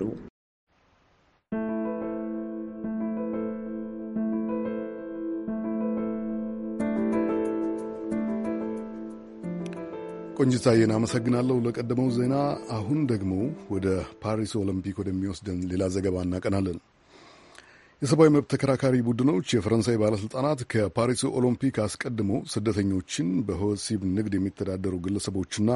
ቆንጅታዬን አመሰግናለሁ ለቀደመው ዜና። አሁን ደግሞ ወደ ፓሪስ ኦሎምፒክ ወደሚወስደን ሌላ ዘገባ እናቀናለን። የሰብአዊ መብት ተከራካሪ ቡድኖች የፈረንሳይ ባለሥልጣናት ከፓሪሱ ኦሎምፒክ አስቀድሞ ስደተኞችን በወሲብ ንግድ የሚተዳደሩ ግለሰቦችና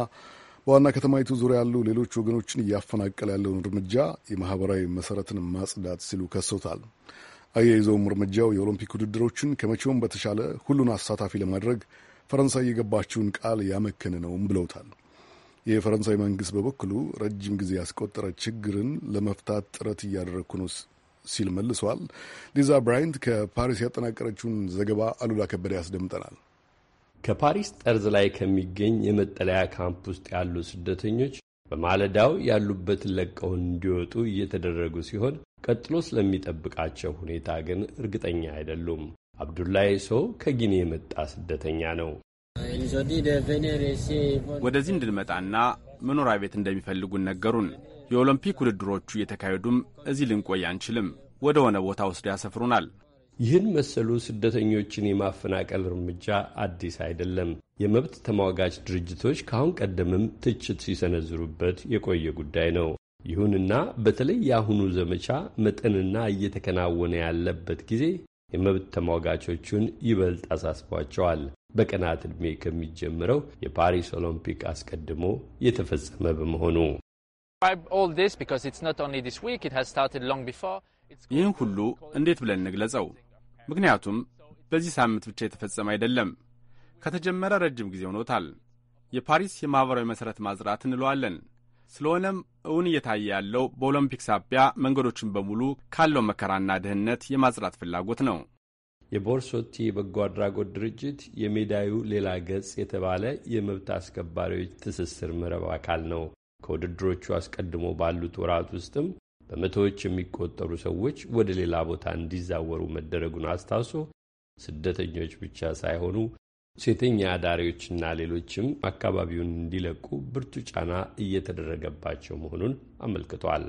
በዋና ከተማይቱ ዙሪያ ያሉ ሌሎች ወገኖችን እያፈናቀለ ያለውን እርምጃ የማኅበራዊ መሠረትን ማጽዳት ሲሉ ከሰውታል። አያይዘውም እርምጃው የኦሎምፒክ ውድድሮችን ከመቼውም በተሻለ ሁሉን አሳታፊ ለማድረግ ፈረንሳይ የገባችውን ቃል ያመከነ ነውም ብለውታል። የፈረንሳይ መንግሥት በበኩሉ ረጅም ጊዜ ያስቆጠረ ችግርን ለመፍታት ጥረት እያደረግኩ ነው ሲል መልሷል። ሊዛ ብራይንት ከፓሪስ ያጠናቀረችውን ዘገባ አሉላ ከበደ ያስደምጠናል። ከፓሪስ ጠርዝ ላይ ከሚገኝ የመጠለያ ካምፕ ውስጥ ያሉ ስደተኞች በማለዳው ያሉበትን ለቀው እንዲወጡ እየተደረጉ ሲሆን ቀጥሎ ስለሚጠብቃቸው ሁኔታ ግን እርግጠኛ አይደሉም። አብዱላይ ሰው ከጊኔ የመጣ ስደተኛ ነው። ወደዚህ እንድንመጣና መኖሪያ ቤት እንደሚፈልጉን ነገሩን። የኦሎምፒክ ውድድሮቹ እየተካሄዱም እዚህ ልንቆይ አንችልም። ወደ ሆነ ቦታ ወስዶ ያሰፍሩናል። ይህን መሰሉ ስደተኞችን የማፈናቀል እርምጃ አዲስ አይደለም። የመብት ተሟጋች ድርጅቶች ከአሁን ቀደምም ትችት ሲሰነዝሩበት የቆየ ጉዳይ ነው። ይሁንና በተለይ የአሁኑ ዘመቻ መጠንና እየተከናወነ ያለበት ጊዜ የመብት ተሟጋቾቹን ይበልጥ አሳስቧቸዋል። በቀናት ዕድሜ ከሚጀምረው የፓሪስ ኦሎምፒክ አስቀድሞ የተፈጸመ በመሆኑ ይህን ሁሉ እንዴት ብለን እንግለጸው? ምክንያቱም በዚህ ሳምንት ብቻ የተፈጸመ አይደለም። ከተጀመረ ረጅም ጊዜ ሆኖታል። የፓሪስ የማኅበራዊ መሠረት ማጽዳት እንለዋለን። ስለሆነም እውን እየታየ ያለው በኦሎምፒክ ሳቢያ መንገዶችን በሙሉ ካለው መከራና ድህነት የማጽዳት ፍላጎት ነው። የቦርሶቲ የበጎ አድራጎት ድርጅት የሜዳዩ ሌላ ገጽ የተባለ የመብት አስከባሪዎች ትስስር መረብ አካል ነው። ከውድድሮቹ አስቀድሞ ባሉት ወራት ውስጥም በመቶዎች የሚቆጠሩ ሰዎች ወደ ሌላ ቦታ እንዲዛወሩ መደረጉን አስታውሶ ስደተኞች ብቻ ሳይሆኑ ሴተኛ አዳሪዎችና ሌሎችም አካባቢውን እንዲለቁ ብርቱ ጫና እየተደረገባቸው መሆኑን አመልክቷል።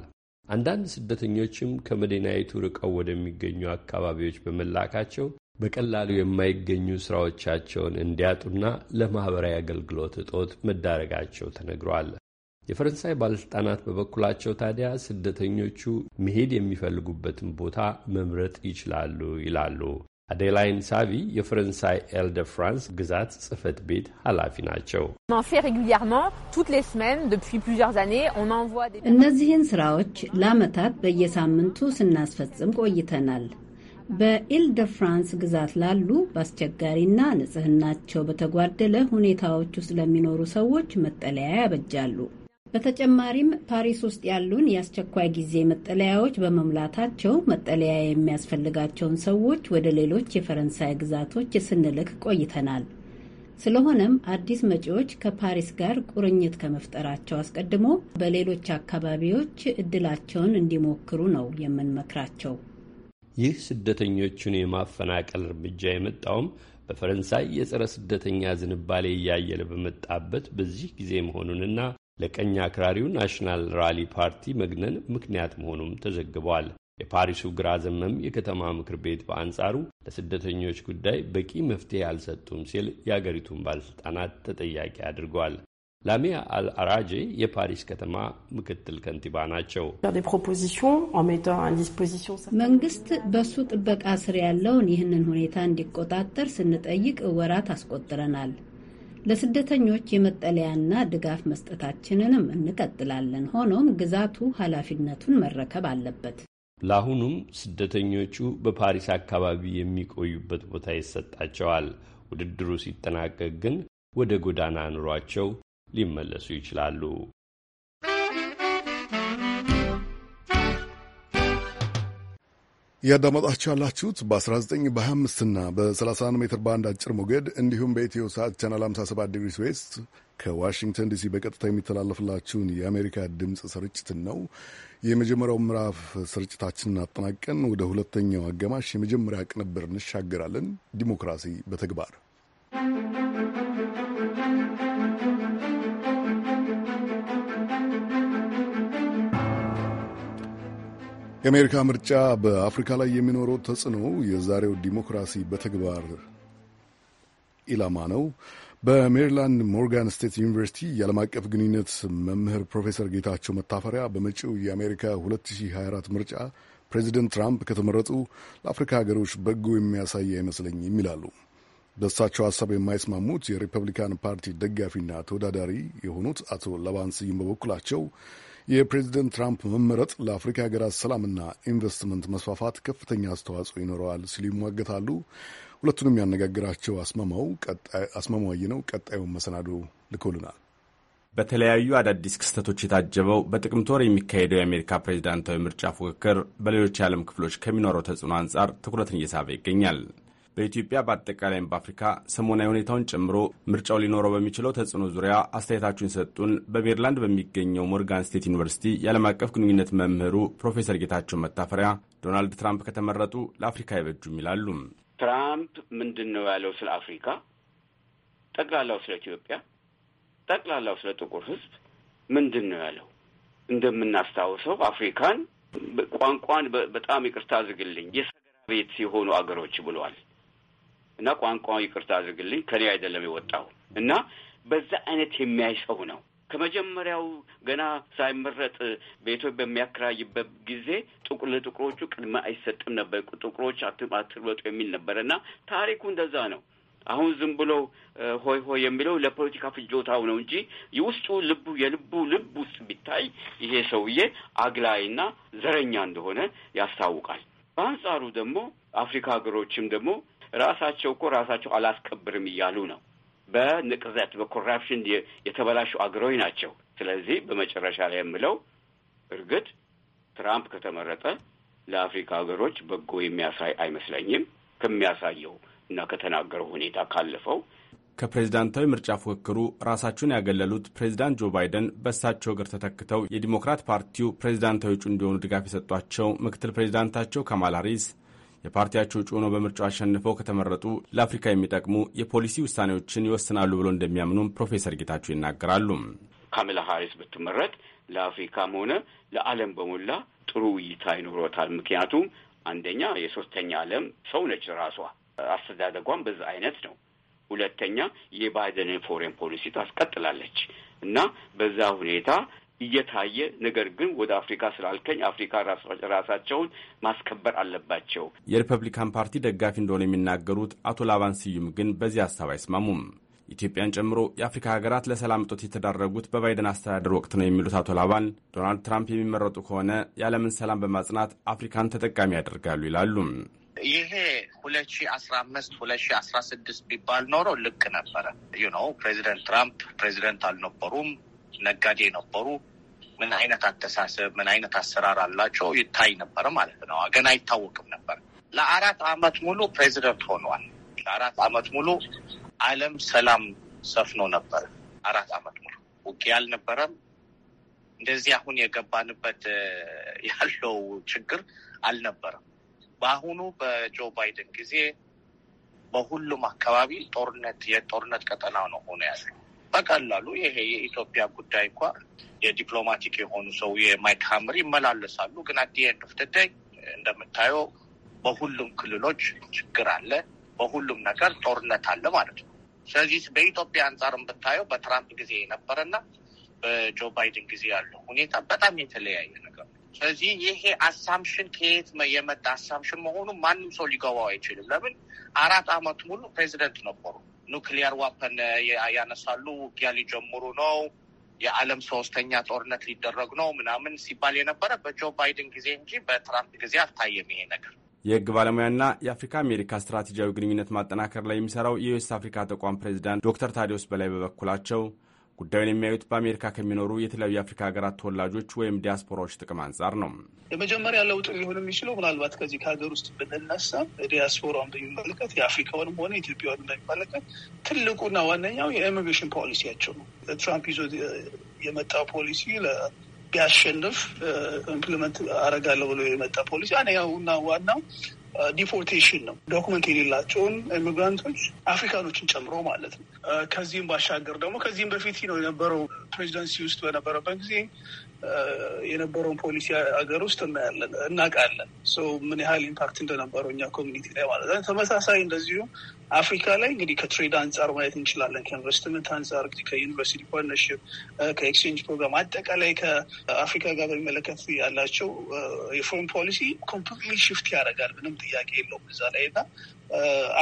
አንዳንድ ስደተኞችም ከመዲናይቱ ርቀው ወደሚገኙ አካባቢዎች በመላካቸው በቀላሉ የማይገኙ ስራዎቻቸውን እንዲያጡና ለማኅበራዊ አገልግሎት እጦት መዳረጋቸው ተነግሯል። የፈረንሳይ ባለሥልጣናት በበኩላቸው ታዲያ ስደተኞቹ መሄድ የሚፈልጉበትን ቦታ መምረጥ ይችላሉ ይላሉ። አዴላይን ሳቪ የፈረንሳይ ኤል ደ ፍራንስ ግዛት ጽህፈት ቤት ኃላፊ ናቸው። እነዚህን ስራዎች ለአመታት በየሳምንቱ ስናስፈጽም ቆይተናል። በኢል ደ ፍራንስ ግዛት ላሉ በአስቸጋሪና ንጽህናቸው በተጓደለ ሁኔታዎች ውስጥ ለሚኖሩ ሰዎች መጠለያ ያበጃሉ። በተጨማሪም ፓሪስ ውስጥ ያሉን የአስቸኳይ ጊዜ መጠለያዎች በመሙላታቸው መጠለያ የሚያስፈልጋቸውን ሰዎች ወደ ሌሎች የፈረንሳይ ግዛቶች ስንልክ ቆይተናል። ስለሆነም አዲስ መጪዎች ከፓሪስ ጋር ቁርኝት ከመፍጠራቸው አስቀድሞ በሌሎች አካባቢዎች እድላቸውን እንዲሞክሩ ነው የምንመክራቸው። ይህ ስደተኞቹን የማፈናቀል እርምጃ የመጣውም በፈረንሳይ የጸረ ስደተኛ ዝንባሌ እያየለ በመጣበት በዚህ ጊዜ መሆኑንና ለቀኝ አክራሪው ናሽናል ራሊ ፓርቲ መግነን ምክንያት መሆኑም ተዘግቧል። የፓሪሱ ግራ ዘመም የከተማ ምክር ቤት በአንጻሩ ለስደተኞች ጉዳይ በቂ መፍትሄ አልሰጡም ሲል የአገሪቱን ባለሥልጣናት ተጠያቂ አድርጓል። ላሚያ አልአራጄ የፓሪስ ከተማ ምክትል ከንቲባ ናቸው። መንግስት በሱ ጥበቃ ስር ያለውን ይህንን ሁኔታ እንዲቆጣጠር ስንጠይቅ ወራት አስቆጥረናል። ለስደተኞች የመጠለያና ድጋፍ መስጠታችንንም እንቀጥላለን። ሆኖም ግዛቱ ኃላፊነቱን መረከብ አለበት። ለአሁኑም ስደተኞቹ በፓሪስ አካባቢ የሚቆዩበት ቦታ ይሰጣቸዋል። ውድድሩ ሲጠናቀቅ ግን ወደ ጎዳና ኑሯቸው ሊመለሱ ይችላሉ። እያዳመጣችሁ ያላችሁት በ19 በ25 እና በ31 ሜትር ባንድ አጭር ሞገድ እንዲሁም በኢትዮ ሰዓት ቻናል 57 ዲግሪ ስዌስት ከዋሽንግተን ዲሲ በቀጥታ የሚተላለፍላችሁን የአሜሪካ ድምፅ ስርጭትን ነው። የመጀመሪያው ምዕራፍ ስርጭታችንን አጠናቀን ወደ ሁለተኛው አጋማሽ የመጀመሪያ ቅንብር እንሻገራለን። ዲሞክራሲ በተግባር የአሜሪካ ምርጫ በአፍሪካ ላይ የሚኖረው ተጽዕኖ የዛሬው ዲሞክራሲ በተግባር ኢላማ ነው። በሜሪላንድ ሞርጋን ስቴት ዩኒቨርሲቲ የዓለም አቀፍ ግንኙነት መምህር ፕሮፌሰር ጌታቸው መታፈሪያ በመጪው የአሜሪካ 2024 ምርጫ ፕሬዚደንት ትራምፕ ከተመረጡ ለአፍሪካ ሀገሮች በጎ የሚያሳይ አይመስለኝ ይላሉ። በእሳቸው ሀሳብ የማይስማሙት የሪፐብሊካን ፓርቲ ደጋፊና ተወዳዳሪ የሆኑት አቶ ለባን ስዩም በበኩላቸው የፕሬዚደንት ትራምፕ መመረጥ ለአፍሪካ ሀገራት ሰላምና ኢንቨስትመንት መስፋፋት ከፍተኛ አስተዋጽኦ ይኖረዋል ሲሉ ይሟገታሉ። ሁለቱንም ያነጋግራቸው አስማማው ነው። ቀጣዩን መሰናዶ ልኮልናል። በተለያዩ አዳዲስ ክስተቶች የታጀበው በጥቅምት ወር የሚካሄደው የአሜሪካ ፕሬዚዳንታዊ ምርጫ ፉክክር በሌሎች የዓለም ክፍሎች ከሚኖረው ተጽዕኖ አንጻር ትኩረትን እየሳበ ይገኛል። በኢትዮጵያ በአጠቃላይም በአፍሪካ ሰሞናዊ ሁኔታውን ጨምሮ ምርጫው ሊኖረው በሚችለው ተጽዕኖ ዙሪያ አስተያየታችሁን ሰጡን። በሜሪላንድ በሚገኘው ሞርጋን ስቴት ዩኒቨርሲቲ የዓለም አቀፍ ግንኙነት መምህሩ ፕሮፌሰር ጌታቸው መታፈሪያ ዶናልድ ትራምፕ ከተመረጡ ለአፍሪካ አይበጁም ይላሉ። ትራምፕ ምንድን ነው ያለው ስለ አፍሪካ፣ ጠቅላላው ስለ ኢትዮጵያ፣ ጠቅላላው ስለ ጥቁር ሕዝብ ምንድን ነው ያለው? እንደምናስታውሰው አፍሪካን ቋንቋን በጣም ይቅርታ አድርግልኝ የሰገራ ቤት የሆኑ አገሮች ብሏል። እና ቋንቋ ይቅርታ አድርግልኝ ከኔ አይደለም የወጣው እና በዛ አይነት የሚያይ ሰው ነው። ከመጀመሪያው ገና ሳይመረጥ ቤቶች በሚያከራይበት ጊዜ ጥቁር ለጥቁሮቹ ቅድመ አይሰጥም ነበር። ጥቁሮች አትበጡ የሚል ነበር እና ታሪኩ እንደዛ ነው። አሁን ዝም ብሎ ሆይ ሆይ የሚለው ለፖለቲካ ፍጆታው ነው እንጂ የውስጡ ልቡ የልቡ ልብ ውስጥ ቢታይ ይሄ ሰውዬ አግላይና ዘረኛ እንደሆነ ያስታውቃል። በአንጻሩ ደግሞ አፍሪካ ሀገሮችም ደግሞ ራሳቸው እኮ ራሳቸው አላስከብርም እያሉ ነው። በንቅዘት በኮራፕሽን የተበላሹ አገሮች ናቸው። ስለዚህ በመጨረሻ ላይ የምለው እርግጥ ትራምፕ ከተመረጠ ለአፍሪካ ሀገሮች በጎ የሚያሳይ አይመስለኝም። ከሚያሳየው እና ከተናገረው ሁኔታ ካለፈው ከፕሬዝዳንታዊ ምርጫ ፉክክሩ ራሳቸውን ያገለሉት ፕሬዝዳንት ጆ ባይደን በእሳቸው እግር ተተክተው የዲሞክራት ፓርቲው ፕሬዚዳንታዊ እጩ እንዲሆኑ ድጋፍ የሰጧቸው ምክትል ፕሬዝዳንታቸው ካማላ ሃሪስ የፓርቲያቸው እጩ ሆነው በምርጫው አሸንፈው ከተመረጡ ለአፍሪካ የሚጠቅሙ የፖሊሲ ውሳኔዎችን ይወስናሉ ብሎ እንደሚያምኑም ፕሮፌሰር ጌታቸው ይናገራሉ። ካሜላ ሀሪስ ብትመረጥ ለአፍሪካም ሆነ ለዓለም በሞላ ጥሩ እይታ ይኖሮታል። ምክንያቱም አንደኛ የሶስተኛ ዓለም ሰው ነች ራሷ አስተዳደጓን በዛ አይነት ነው። ሁለተኛ የባይደንን ፎሬን ፖሊሲ ታስቀጥላለች እና በዛ ሁኔታ እየታየ ነገር ግን ወደ አፍሪካ ስላልከኝ አፍሪካ ራሳቸውን ማስከበር አለባቸው። የሪፐብሊካን ፓርቲ ደጋፊ እንደሆነ የሚናገሩት አቶ ላባን ስዩም ግን በዚህ ሀሳብ አይስማሙም። ኢትዮጵያን ጨምሮ የአፍሪካ ሀገራት ለሰላም እጦት የተዳረጉት በባይደን አስተዳደር ወቅት ነው የሚሉት አቶ ላባን ዶናልድ ትራምፕ የሚመረጡ ከሆነ የዓለምን ሰላም በማጽናት አፍሪካን ተጠቃሚ ያደርጋሉ ይላሉ። ይሄ ሁለት ሺ አስራ አምስት ሁለት ሺ አስራ ስድስት ቢባል ኖሮ ልክ ነበረ። ዩ ነው ፕሬዚደንት ትራምፕ ፕሬዚደንት አልነበሩም ነጋዴ የነበሩ ምን አይነት አተሳሰብ ምን አይነት አሰራር አላቸው ይታይ ነበረ ማለት ነው። ገና አይታወቅም ነበር። ለአራት አመት ሙሉ ፕሬዚደንት ሆኗል። ለአራት አመት ሙሉ አለም ሰላም ሰፍኖ ነበር። አራት አመት ሙሉ ውጊያ አልነበረም። እንደዚህ አሁን የገባንበት ያለው ችግር አልነበረም። በአሁኑ በጆ ባይደን ጊዜ በሁሉም አካባቢ ጦርነት የጦርነት ቀጠና ነው ሆኖ ያለው በቀላሉ ይሄ የኢትዮጵያ ጉዳይ እንኳ የዲፕሎማቲክ የሆኑ ሰው የማይክ ሀምር ይመላለሳሉ። ግን አት ኤንድ ኦፍ እንደምታየው በሁሉም ክልሎች ችግር አለ፣ በሁሉም ነገር ጦርነት አለ ማለት ነው። ስለዚህ በኢትዮጵያ አንጻርም ብታየው በትራምፕ ጊዜ የነበረና በጆ ባይደን ጊዜ ያለው ሁኔታ በጣም የተለያየ ነገር ነው። ስለዚህ ይሄ አሳምሽን ከየት የመጣ አሳምሽን መሆኑ ማንም ሰው ሊገባው አይችልም። ለምን አራት አመት ሙሉ ፕሬዚደንት ነበሩ ኑክሊያር ዋፐን ያነሳሉ፣ ውጊያ ሊጀምሩ ነው፣ የዓለም ሶስተኛ ጦርነት ሊደረግ ነው ምናምን ሲባል የነበረ በጆ ባይደን ጊዜ እንጂ በትራምፕ ጊዜ አልታየም ይሄ ነገር። የህግ ባለሙያና የአፍሪካ አሜሪካ ስትራቴጂያዊ ግንኙነት ማጠናከር ላይ የሚሰራው የዩኤስ አፍሪካ ተቋም ፕሬዚዳንት ዶክተር ታዲዮስ በላይ በበኩላቸው ጉዳዩን የሚያዩት በአሜሪካ ከሚኖሩ የተለያዩ የአፍሪካ ሀገራት ተወላጆች ወይም ዲያስፖራዎች ጥቅም አንጻር ነው። የመጀመሪያ ለውጥ ሊሆን የሚችለው ምናልባት ከዚህ ከሀገር ውስጥ ብንነሳ ዲያስፖራውን በሚመለከት የአፍሪካውንም ሆነ ኢትዮጵያውን በሚመለከት ትልቁና ዋነኛው የኢሚግሬሽን ፖሊሲያቸው ነው። ትራምፕ ይዞ የመጣ ፖሊሲ ቢያሸንፍ ኢምፕሊመንት አረጋለሁ ብሎ የመጣ ፖሊሲ አንደኛውና ዋናው ዲፖርቴሽን ነው። ዶክመንት የሌላቸውን ኢሚግራንቶች አፍሪካኖችን ጨምሮ ማለት ነው። ከዚህም ባሻገር ደግሞ ከዚህም በፊት ነው የነበረው ፕሬዚደንሲ ውስጥ በነበረበት ጊዜ የነበረውን ፖሊሲ ሀገር ውስጥ እናያለን እናውቃለን። ሰው ምን ያህል ኢምፓክት እንደነበረው እኛ ኮሚኒቲ ላይ ማለት ነው። ተመሳሳይ እንደዚሁ አፍሪካ ላይ እንግዲህ ከትሬድ አንጻር ማየት እንችላለን። ከኢንቨስትመንት አንጻር እንግዲህ ከዩኒቨርሲቲ ፓርትነርሽፕ፣ ከኤክስቼንጅ ፕሮግራም አጠቃላይ ከአፍሪካ ጋር በሚመለከት ያላቸው የፎሬን ፖሊሲ ኮምፕሊት ሽፍት ያደርጋል። ምንም ጥያቄ የለውም እዛ ላይ እና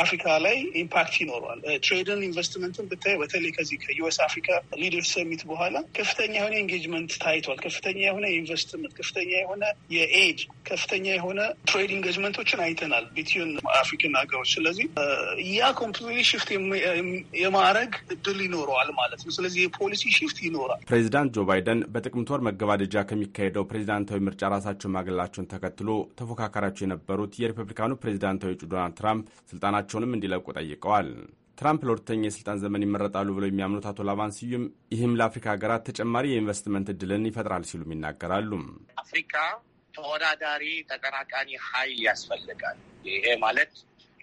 አፍሪካ ላይ ኢምፓክት ይኖረዋል። ትሬድን ኢንቨስትመንትን ብታይ በተለይ ከዚህ ከዩኤስ አፍሪካ ሊደር ሰሚት በኋላ ከፍተኛ የሆነ ኤንጌጅመንት ታይቷል። ከፍተኛ የሆነ ኢንቨስትመንት፣ ከፍተኛ የሆነ የኤድ፣ ከፍተኛ የሆነ ትሬድ ኢንጌጅመንቶችን አይተናል ቢትዩን አፍሪካን ሀገሮች። ስለዚህ ያ ኮምፕሊትሊ ሽፍት የማድረግ እድል ይኖረዋል ማለት ነው። ስለዚህ የፖሊሲ ሽፍት ይኖራል። ፕሬዚዳንት ጆ ባይደን በጥቅምት ወር መገባደጃ ከሚካሄደው ፕሬዚዳንታዊ ምርጫ ራሳቸውን ማግለላቸውን ተከትሎ ተፎካካሪያቸው የነበሩት የሪፐብሊካኑ ፕሬዚዳንታዊ እጩ ዶናልድ ትራምፕ ስልጣናቸውንም እንዲለቁ ጠይቀዋል። ትራምፕ ለሁለተኛ የስልጣን ዘመን ይመረጣሉ ብለው የሚያምኑት አቶ ላቫን ስዩም ይህም ለአፍሪካ ሀገራት ተጨማሪ የኢንቨስትመንት እድልን ይፈጥራል ሲሉም ይናገራሉ። አፍሪካ ተወዳዳሪ ተቀናቃኒ ኃይል ያስፈልጋል። ይሄ ማለት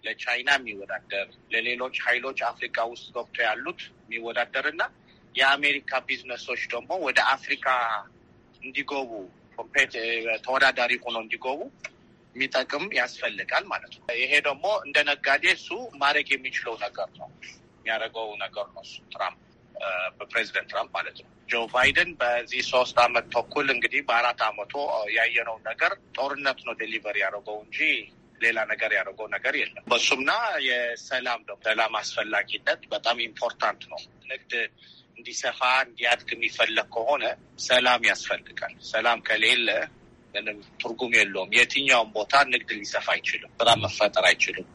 ለቻይና የሚወዳደር ለሌሎች ኃይሎች አፍሪካ ውስጥ ገብቶ ያሉት የሚወዳደር የአሜሪካ ቢዝነሶች ደግሞ ወደ አፍሪካ እንዲገቡ ተወዳዳሪ ሆኖ እንዲገቡ የሚጠቅም ያስፈልጋል ማለት ነው። ይሄ ደግሞ እንደ ነጋዴ እሱ ማድረግ የሚችለው ነገር ነው፣ የሚያደርገው ነገር ነው እሱ ትራምፕ በፕሬዚደንት ትራምፕ ማለት ነው። ጆ ባይደን በዚህ ሶስት አመት ተኩል እንግዲህ በአራት አመቶ ያየነው ነገር ጦርነት ነው ዴሊቨር ያደረገው እንጂ ሌላ ነገር ያደረገው ነገር የለም። በሱምና የሰላም ነው ሰላም አስፈላጊነት በጣም ኢምፖርታንት ነው። ንግድ እንዲሰፋ እንዲያድግ የሚፈለግ ከሆነ ሰላም ያስፈልጋል። ሰላም ከሌለ ምንም ትርጉም የለውም። የትኛውም ቦታ ንግድ ሊሰፋ አይችልም፣ ስራ መፈጠር አይችልም።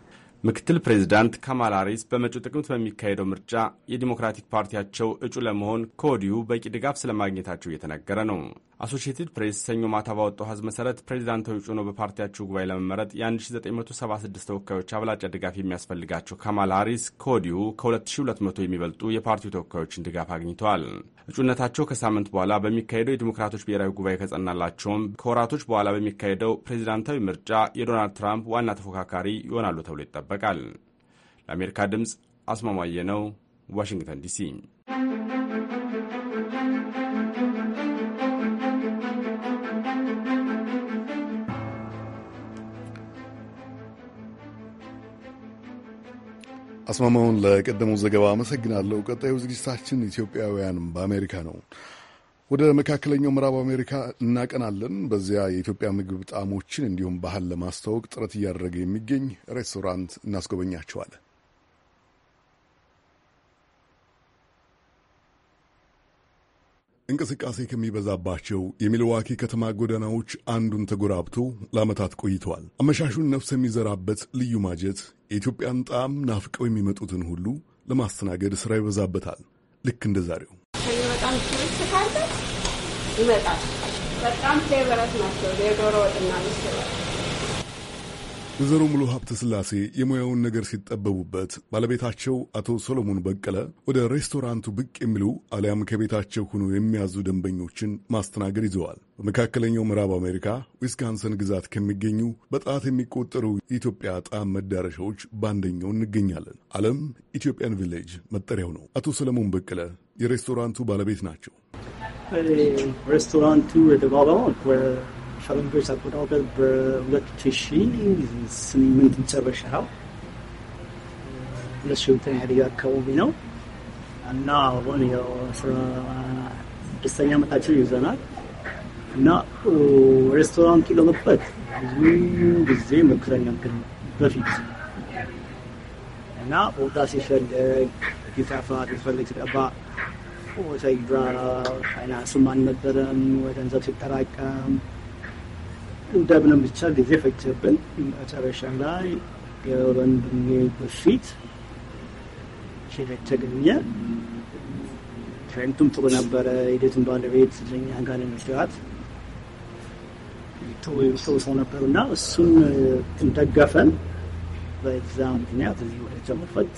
ምክትል ፕሬዚዳንት ካማላ ሃሪስ በመጪው ጥቅምት በሚካሄደው ምርጫ የዲሞክራቲክ ፓርቲያቸው እጩ ለመሆን ከወዲሁ በቂ ድጋፍ ስለማግኘታቸው እየተነገረ ነው። አሶሺየትድ ፕሬስ ሰኞ ማታ ባወጣው ሀዝ መሰረት ፕሬዚዳንታዊ እጩ ነው በፓርቲያቸው ጉባኤ ለመመረጥ የ1976 ተወካዮች አብላጫ ድጋፍ የሚያስፈልጋቸው ካማላ ሃሪስ ከወዲሁ ከ2200 የሚበልጡ የፓርቲው ተወካዮችን ድጋፍ አግኝተዋል። እጩነታቸው ከሳምንት በኋላ በሚካሄደው የዲሞክራቶች ብሔራዊ ጉባኤ ከጸናላቸውም ከወራቶች በኋላ በሚካሄደው ፕሬዚዳንታዊ ምርጫ የዶናልድ ትራምፕ ዋና ተፎካካሪ ይሆናሉ ተብሎ ይጠበቃል። ይጠበቃል። ለአሜሪካ ድምፅ አስማማየ ነው፣ ዋሽንግተን ዲሲ። አስማማውን ለቀደመው ዘገባ አመሰግናለሁ። ቀጣዩ ዝግጅታችን ኢትዮጵያውያን በአሜሪካ ነው። ወደ መካከለኛው ምዕራብ አሜሪካ እናቀናለን። በዚያ የኢትዮጵያ ምግብ ጣዕሞችን እንዲሁም ባህል ለማስተዋወቅ ጥረት እያደረገ የሚገኝ ሬስቶራንት እናስጎበኛቸዋለን። እንቅስቃሴ ከሚበዛባቸው የሚልዋኪ ከተማ ጎዳናዎች አንዱን ተጎራብቶ ለዓመታት ቆይተዋል። አመሻሹን ነፍስ የሚዘራበት ልዩ ማጀት የኢትዮጵያን ጣዕም ናፍቀው የሚመጡትን ሁሉ ለማስተናገድ ሥራ ይበዛበታል። ልክ እንደ ዛሬው በጣም ቱሪስት ካለ ይመጣል። በጣም ፌቨረት ናቸው የዶሮ ወጥና ምስር ወጥ ወይዘሮ ሙሉ ሀብተ ስላሴ የሙያውን ነገር ሲጠበቡበት ባለቤታቸው አቶ ሰሎሞን በቀለ ወደ ሬስቶራንቱ ብቅ የሚሉ አሊያም ከቤታቸው ሆኖ የሚያዙ ደንበኞችን ማስተናገድ ይዘዋል። በመካከለኛው ምዕራብ አሜሪካ ዊስካንሰን ግዛት ከሚገኙ በጣት የሚቆጠሩ የኢትዮጵያ ጣዕም መዳረሻዎች በአንደኛው እንገኛለን። ዓለም ኢትዮጵያን ቪሌጅ መጠሪያው ነው። አቶ ሰሎሞን በቀለ የሬስቶራንቱ ባለቤት ናቸው። ሬስቶራንቱ የተባለውን ፈረንጆች አቆጣጠር በሁለት ሺህ ስምንት ሁለት ሺህ ሁለተኛ ያደግ አካባቢ ነው እና አሁን ያው ስድስተኛ ዓመታችን ይዘናል እና ሬስቶራንቱ ለመክፈት ብዙ ጊዜ ሞክረን ነበር በፊት እና ቦታ ሲፈልግ ሊጠፋ ሲፈልግ ሲጠፋ ወሰይራ አይና ስም አልነበረም። ገንዘብ ሲጠራቀም እንደምንም ብቻ ጊዜ ፈጀብን። መጨረሻ ላይ የወንድሜ በፊት ተገኘ። ትሬንቱም ጥሩ ነበረ። ሂደቱን ባለቤት ለኛ ጋር ለመስራት ሰው ሰው ነበሩ እና እሱን እንደገፈን በዛ ምክንያት እዚህ ወደ ጀመፈት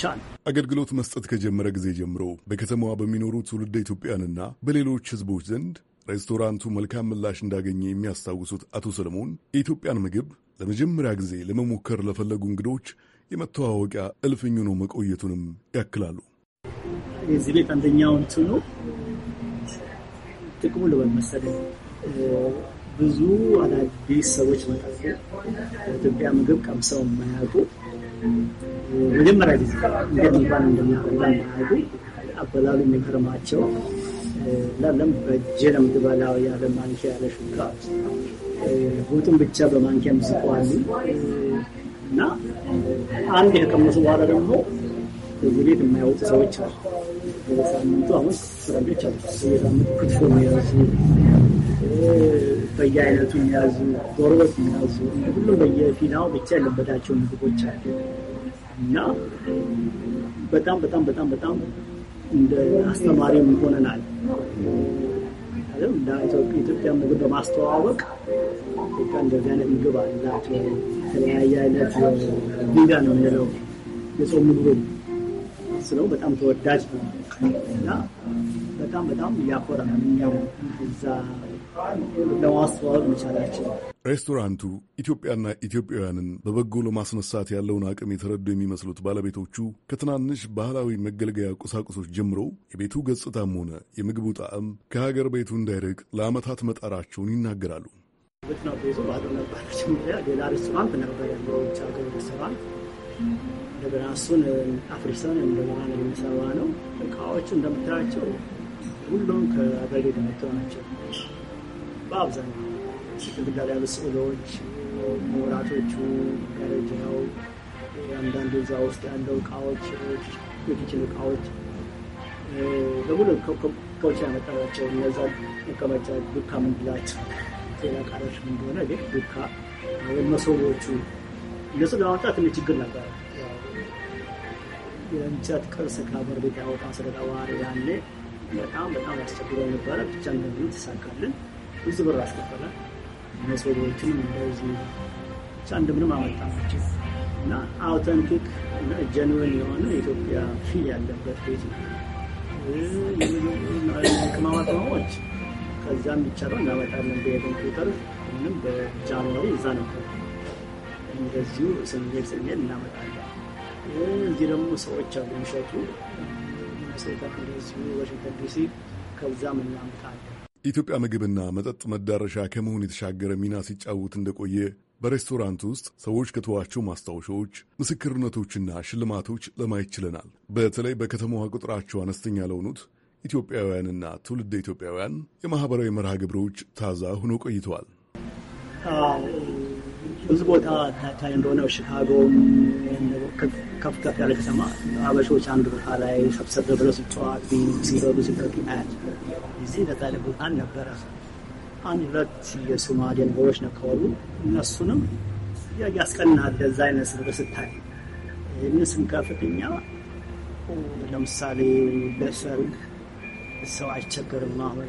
ቻል አገልግሎት መስጠት ከጀመረ ጊዜ ጀምሮ በከተማዋ በሚኖሩ ትውልደ ኢትዮጵያንና በሌሎች ሕዝቦች ዘንድ ሬስቶራንቱ መልካም ምላሽ እንዳገኘ የሚያስታውሱት አቶ ሰለሞን የኢትዮጵያን ምግብ ለመጀመሪያ ጊዜ ለመሞከር ለፈለጉ እንግዶች የመተዋወቂያ እልፍኙ ነው መቆየቱንም ያክላሉ። የዚህ ቤት አንደኛው እንትኑ ጥቅሙ ልበል መሰለኝ ብዙ አዳዲስ ሰዎች መጣፉ ኢትዮጵያ ምግብ ቀምሰው የማያውቁ መጀመሪያ ጊዜ እንዴት እንኳን እንደሚያቀርበ የማያውቁ አበላሉ የሚገርማቸው ለም በእጄ ነው የምትበላው ያለ ማንኪያ ያለ ሹካ ጉጥም ብቻ በማንኪያ ምስቀዋል እና አንድ ከቀመሱ በኋላ ደግሞ ቤት የማያወጡ ሰዎች አሉ። በሳምንቱ አሁን ፍረንጆች አሉ። በየሳምንቱ ክትፎ የሚያዙ በየአይነቱ የሚያዙ ዶሮ ወጥ የሚያዙ ሁሉም በየፊናው ብቻ የለበዳቸው ምግቦች አሉ እና በጣም በጣም በጣም በጣም እንደ አስተማሪም ሆነናል። ኢትዮጵያ ምግብ በማስተዋወቅ ኢትዮጵያ እንደዚህ አይነት ምግብ አላት፣ የተለያየ አይነት ቪጋ ነው የምንለው የጾም ምግብ ስለው በጣም ተወዳጅ ነው እና በጣም በጣም እያኮራል እኛም እዛ ለማስተዋወቅ መቻላችን ሬስቶራንቱ ኢትዮጵያና ኢትዮጵያውያንን በበጎ ለማስነሳት ያለውን አቅም የተረዱ የሚመስሉት ባለቤቶቹ ከትናንሽ ባህላዊ መገልገያ ቁሳቁሶች ጀምሮ የቤቱ ገጽታም ሆነ የምግቡ ጣዕም ከሀገር ቤቱ እንዳይርቅ ለዓመታት መጣራቸውን ይናገራሉ። ሌላ ሬስቶራንት ነበረ ውጭ ሀገር ሬስቶራንት እንደገና እሱን አፍሪሰን እንደገና የምንሰራ ነው። እቃዎቹ እንደምታያቸው ሁሉም ከአገሬ የመጡ ናቸው በአብዛኛው ግድግዳ ላይ ያሉ ስዕሎች፣ መብራቶቹ፣ ደረጃው፣ አንዳንዱ እዛ ውስጥ ያለው እቃዎች፣ የኪችን እቃዎች በሙሉ ከውጭ ያመጣናቸው እነዛ መቀመጫ ዱካ ምንድላት ሌላ ቃሎች እንደሆነ ግን ዱካ ወይም መሶቦቹ እነሱ ለማምጣት ትንሽ ችግር ነበረ። የእንጨት ቅርስ ከበር ቤት ያወጣ ስለተባረ ያኔ በጣም በጣም ያስቸግረው ነበረ። ብቻ እንደምን ትሳካለን ብዙ ብር አስከፈላል። መሶቦችን እንደዚህ አንድ ምንም አመጣናቸው እና አውተንቲክ ጀንዌን የሆነ ኢትዮጵያ ፊል ያለበት ቤት ነው። ቅመማ ቅመሞች ከዛ የሚቻለው እናመጣለን በሄደን ቁጥር ምንም በጃንዋሪ እዛ ነበር። እንደዚሁ ስንሄድ ስንሄድ እናመጣለን። እዚህ ደግሞ ሰዎች አሉ የሚሸጡ ሴታ እንደዚሁ ዋሽንግተን ዲሲ ከዛም እናመጣለን። የኢትዮጵያ ምግብና መጠጥ መዳረሻ ከመሆን የተሻገረ ሚና ሲጫወት እንደቆየ በሬስቶራንት ውስጥ ሰዎች ከተዋቸው ማስታወሻዎች፣ ምስክርነቶችና ሽልማቶች ለማየት ችለናል። በተለይ በከተማዋ ቁጥራቸው አነስተኛ ለሆኑት ኢትዮጵያውያንና ትውልደ ኢትዮጵያውያን የማህበራዊ መርሃ ግብሮች ታዛ ሆነው ቆይተዋል። ብዙ ቦታ ታይ እንደሆነ ሺካጎ ከፍከፍ ያለ ከተማ አበሾች አንድ ቦታ ላይ ሰብሰብ ብለው ሲጫዋት ሲበሉ ሲጠጡ አያል እዚህ በዛ ላይ ቦታ ነበረ። አንድ ሁለት የሶማሌ ነገሮች ነበሩ። እነሱንም ያስቀናል። ለዛ አይነት ስብር ስታይ ይህን ስንከፍትኛ ለምሳሌ ለሰርግ ሰው አይቸገርም። አሁን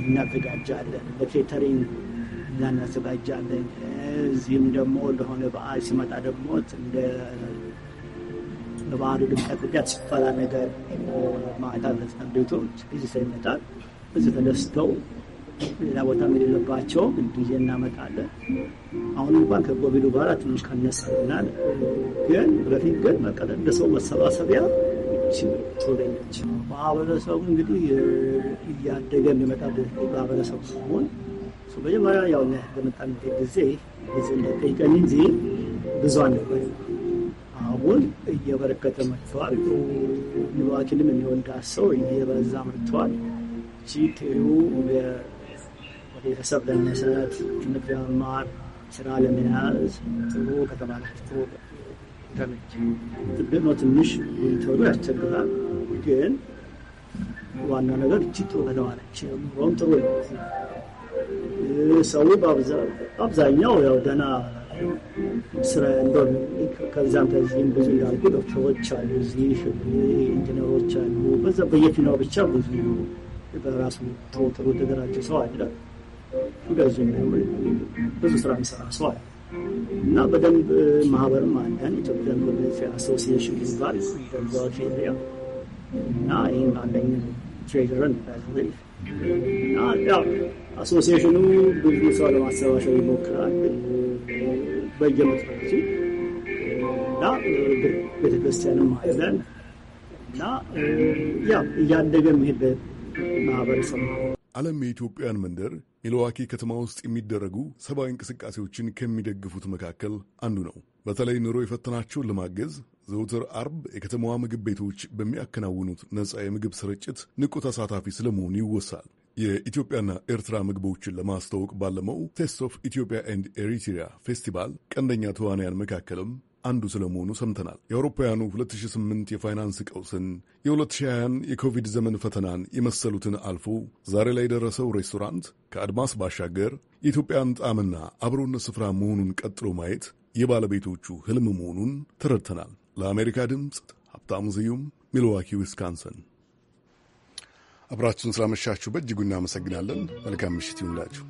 እናዘጋጃለን በኬተሪንግ እናዘጋጃለን። እዚህም ደግሞ ለሆነ በዓል ሲመጣ ደግሞ እንደ በበዓሉ ድምቀት ጉዳት ሲፈላ ነገር ማታ ቤቶች እዚህ ሰው ይመጣል። እዚህ ተደስተው ሌላ ቦታ የሌለባቸው ጊዜ እናመጣለን። አሁን እንኳን ከኮቪዱ ጋር ትንሽ ቀነሰናል፣ ግን በፊት ግን መቀለ እንደ ሰው መሰባሰቢያ ትወደኛች ማህበረሰቡ እንግዲህ እያደገ የሚመጣ ማህበረሰብ ሲሆን መጀመሪያ ያው በመጣን ጊዜ ጊዜ እንደጠይቀን እንጂ ብዙ አልነበር። አሁን እየበረከተ መጥተዋል። ኒዋኪንም የሚወዳ ሰው እየበዛ መጥተዋል። ጂቴዩ ቤተሰብ ለመሰረት ትምህርት ለመማር ስራ ለመያዝ ጥሩ ከተማ ናት። ተመች ትልቅ ነው። ትንሽ ተብሎ ያስቸግራል ግን ዋና ነገር እጅ ጥሩ ከተማ ነች። ኑሮም ጥሩ ነው። ሰው አብዛኛው ያው ደህና ስራ እንደው ከዛም ከዚህም ብዙ እንዳልኩ ዶክተሮች አሉ፣ እዚህ ኢንጂነሮች አሉ። በዛ በየፊናው ብቻ ብዙ በራሱ ተወጥሮ የተደራጀ ሰው አለ። በዙ ብዙ ስራ የሚሰራ ሰው አለ እና በደንብ ማህበርም አለን ኢትዮጵያ አሶሲሽን ይባል በዛዎች እና ይህም አንደኛ ትሬደርን እና አሶሲሽኑ ብዙ ሰው ለማሰባሰብ ይሞክራል በየመስራቱ እና ቤተክርስቲያንም አለን እና ያ እያደገ መሄድ ማህበረሰብ ዓለም የኢትዮጵያን መንደር ሚልዋኪ ከተማ ውስጥ የሚደረጉ ሰብአዊ እንቅስቃሴዎችን ከሚደግፉት መካከል አንዱ ነው። በተለይ ኑሮ የፈተናቸውን ለማገዝ ዘውትር አርብ የከተማዋ ምግብ ቤቶች በሚያከናውኑት ነፃ የምግብ ስርጭት ንቁ ተሳታፊ ስለመሆኑ ይወሳል። የኢትዮጵያና ኤርትራ ምግቦችን ለማስተዋወቅ ባለመው ቴስት ኦፍ ኢትዮጵያ ኤንድ ኤሪትሪያ ፌስቲቫል ቀንደኛ ተዋንያን መካከልም አንዱ ስለመሆኑ ሰምተናል። የአውሮፓውያኑ 2008 የፋይናንስ ቀውስን፣ 2020 የኮቪድ ዘመን ፈተናን የመሰሉትን አልፎ ዛሬ ላይ የደረሰው ሬስቶራንት ከአድማስ ባሻገር የኢትዮጵያን ጣዕምና አብሮነት ስፍራ መሆኑን ቀጥሎ ማየት የባለቤቶቹ ህልም መሆኑን ተረድተናል። ለአሜሪካ ድምፅ ሀብታሙ ስዩም ሚልዋኪ ዊስካንሰን አብራችሁን ስላመሻችሁ በእጅጉ እናመሰግናለን። መልካም ምሽት ይሁንላችሁ።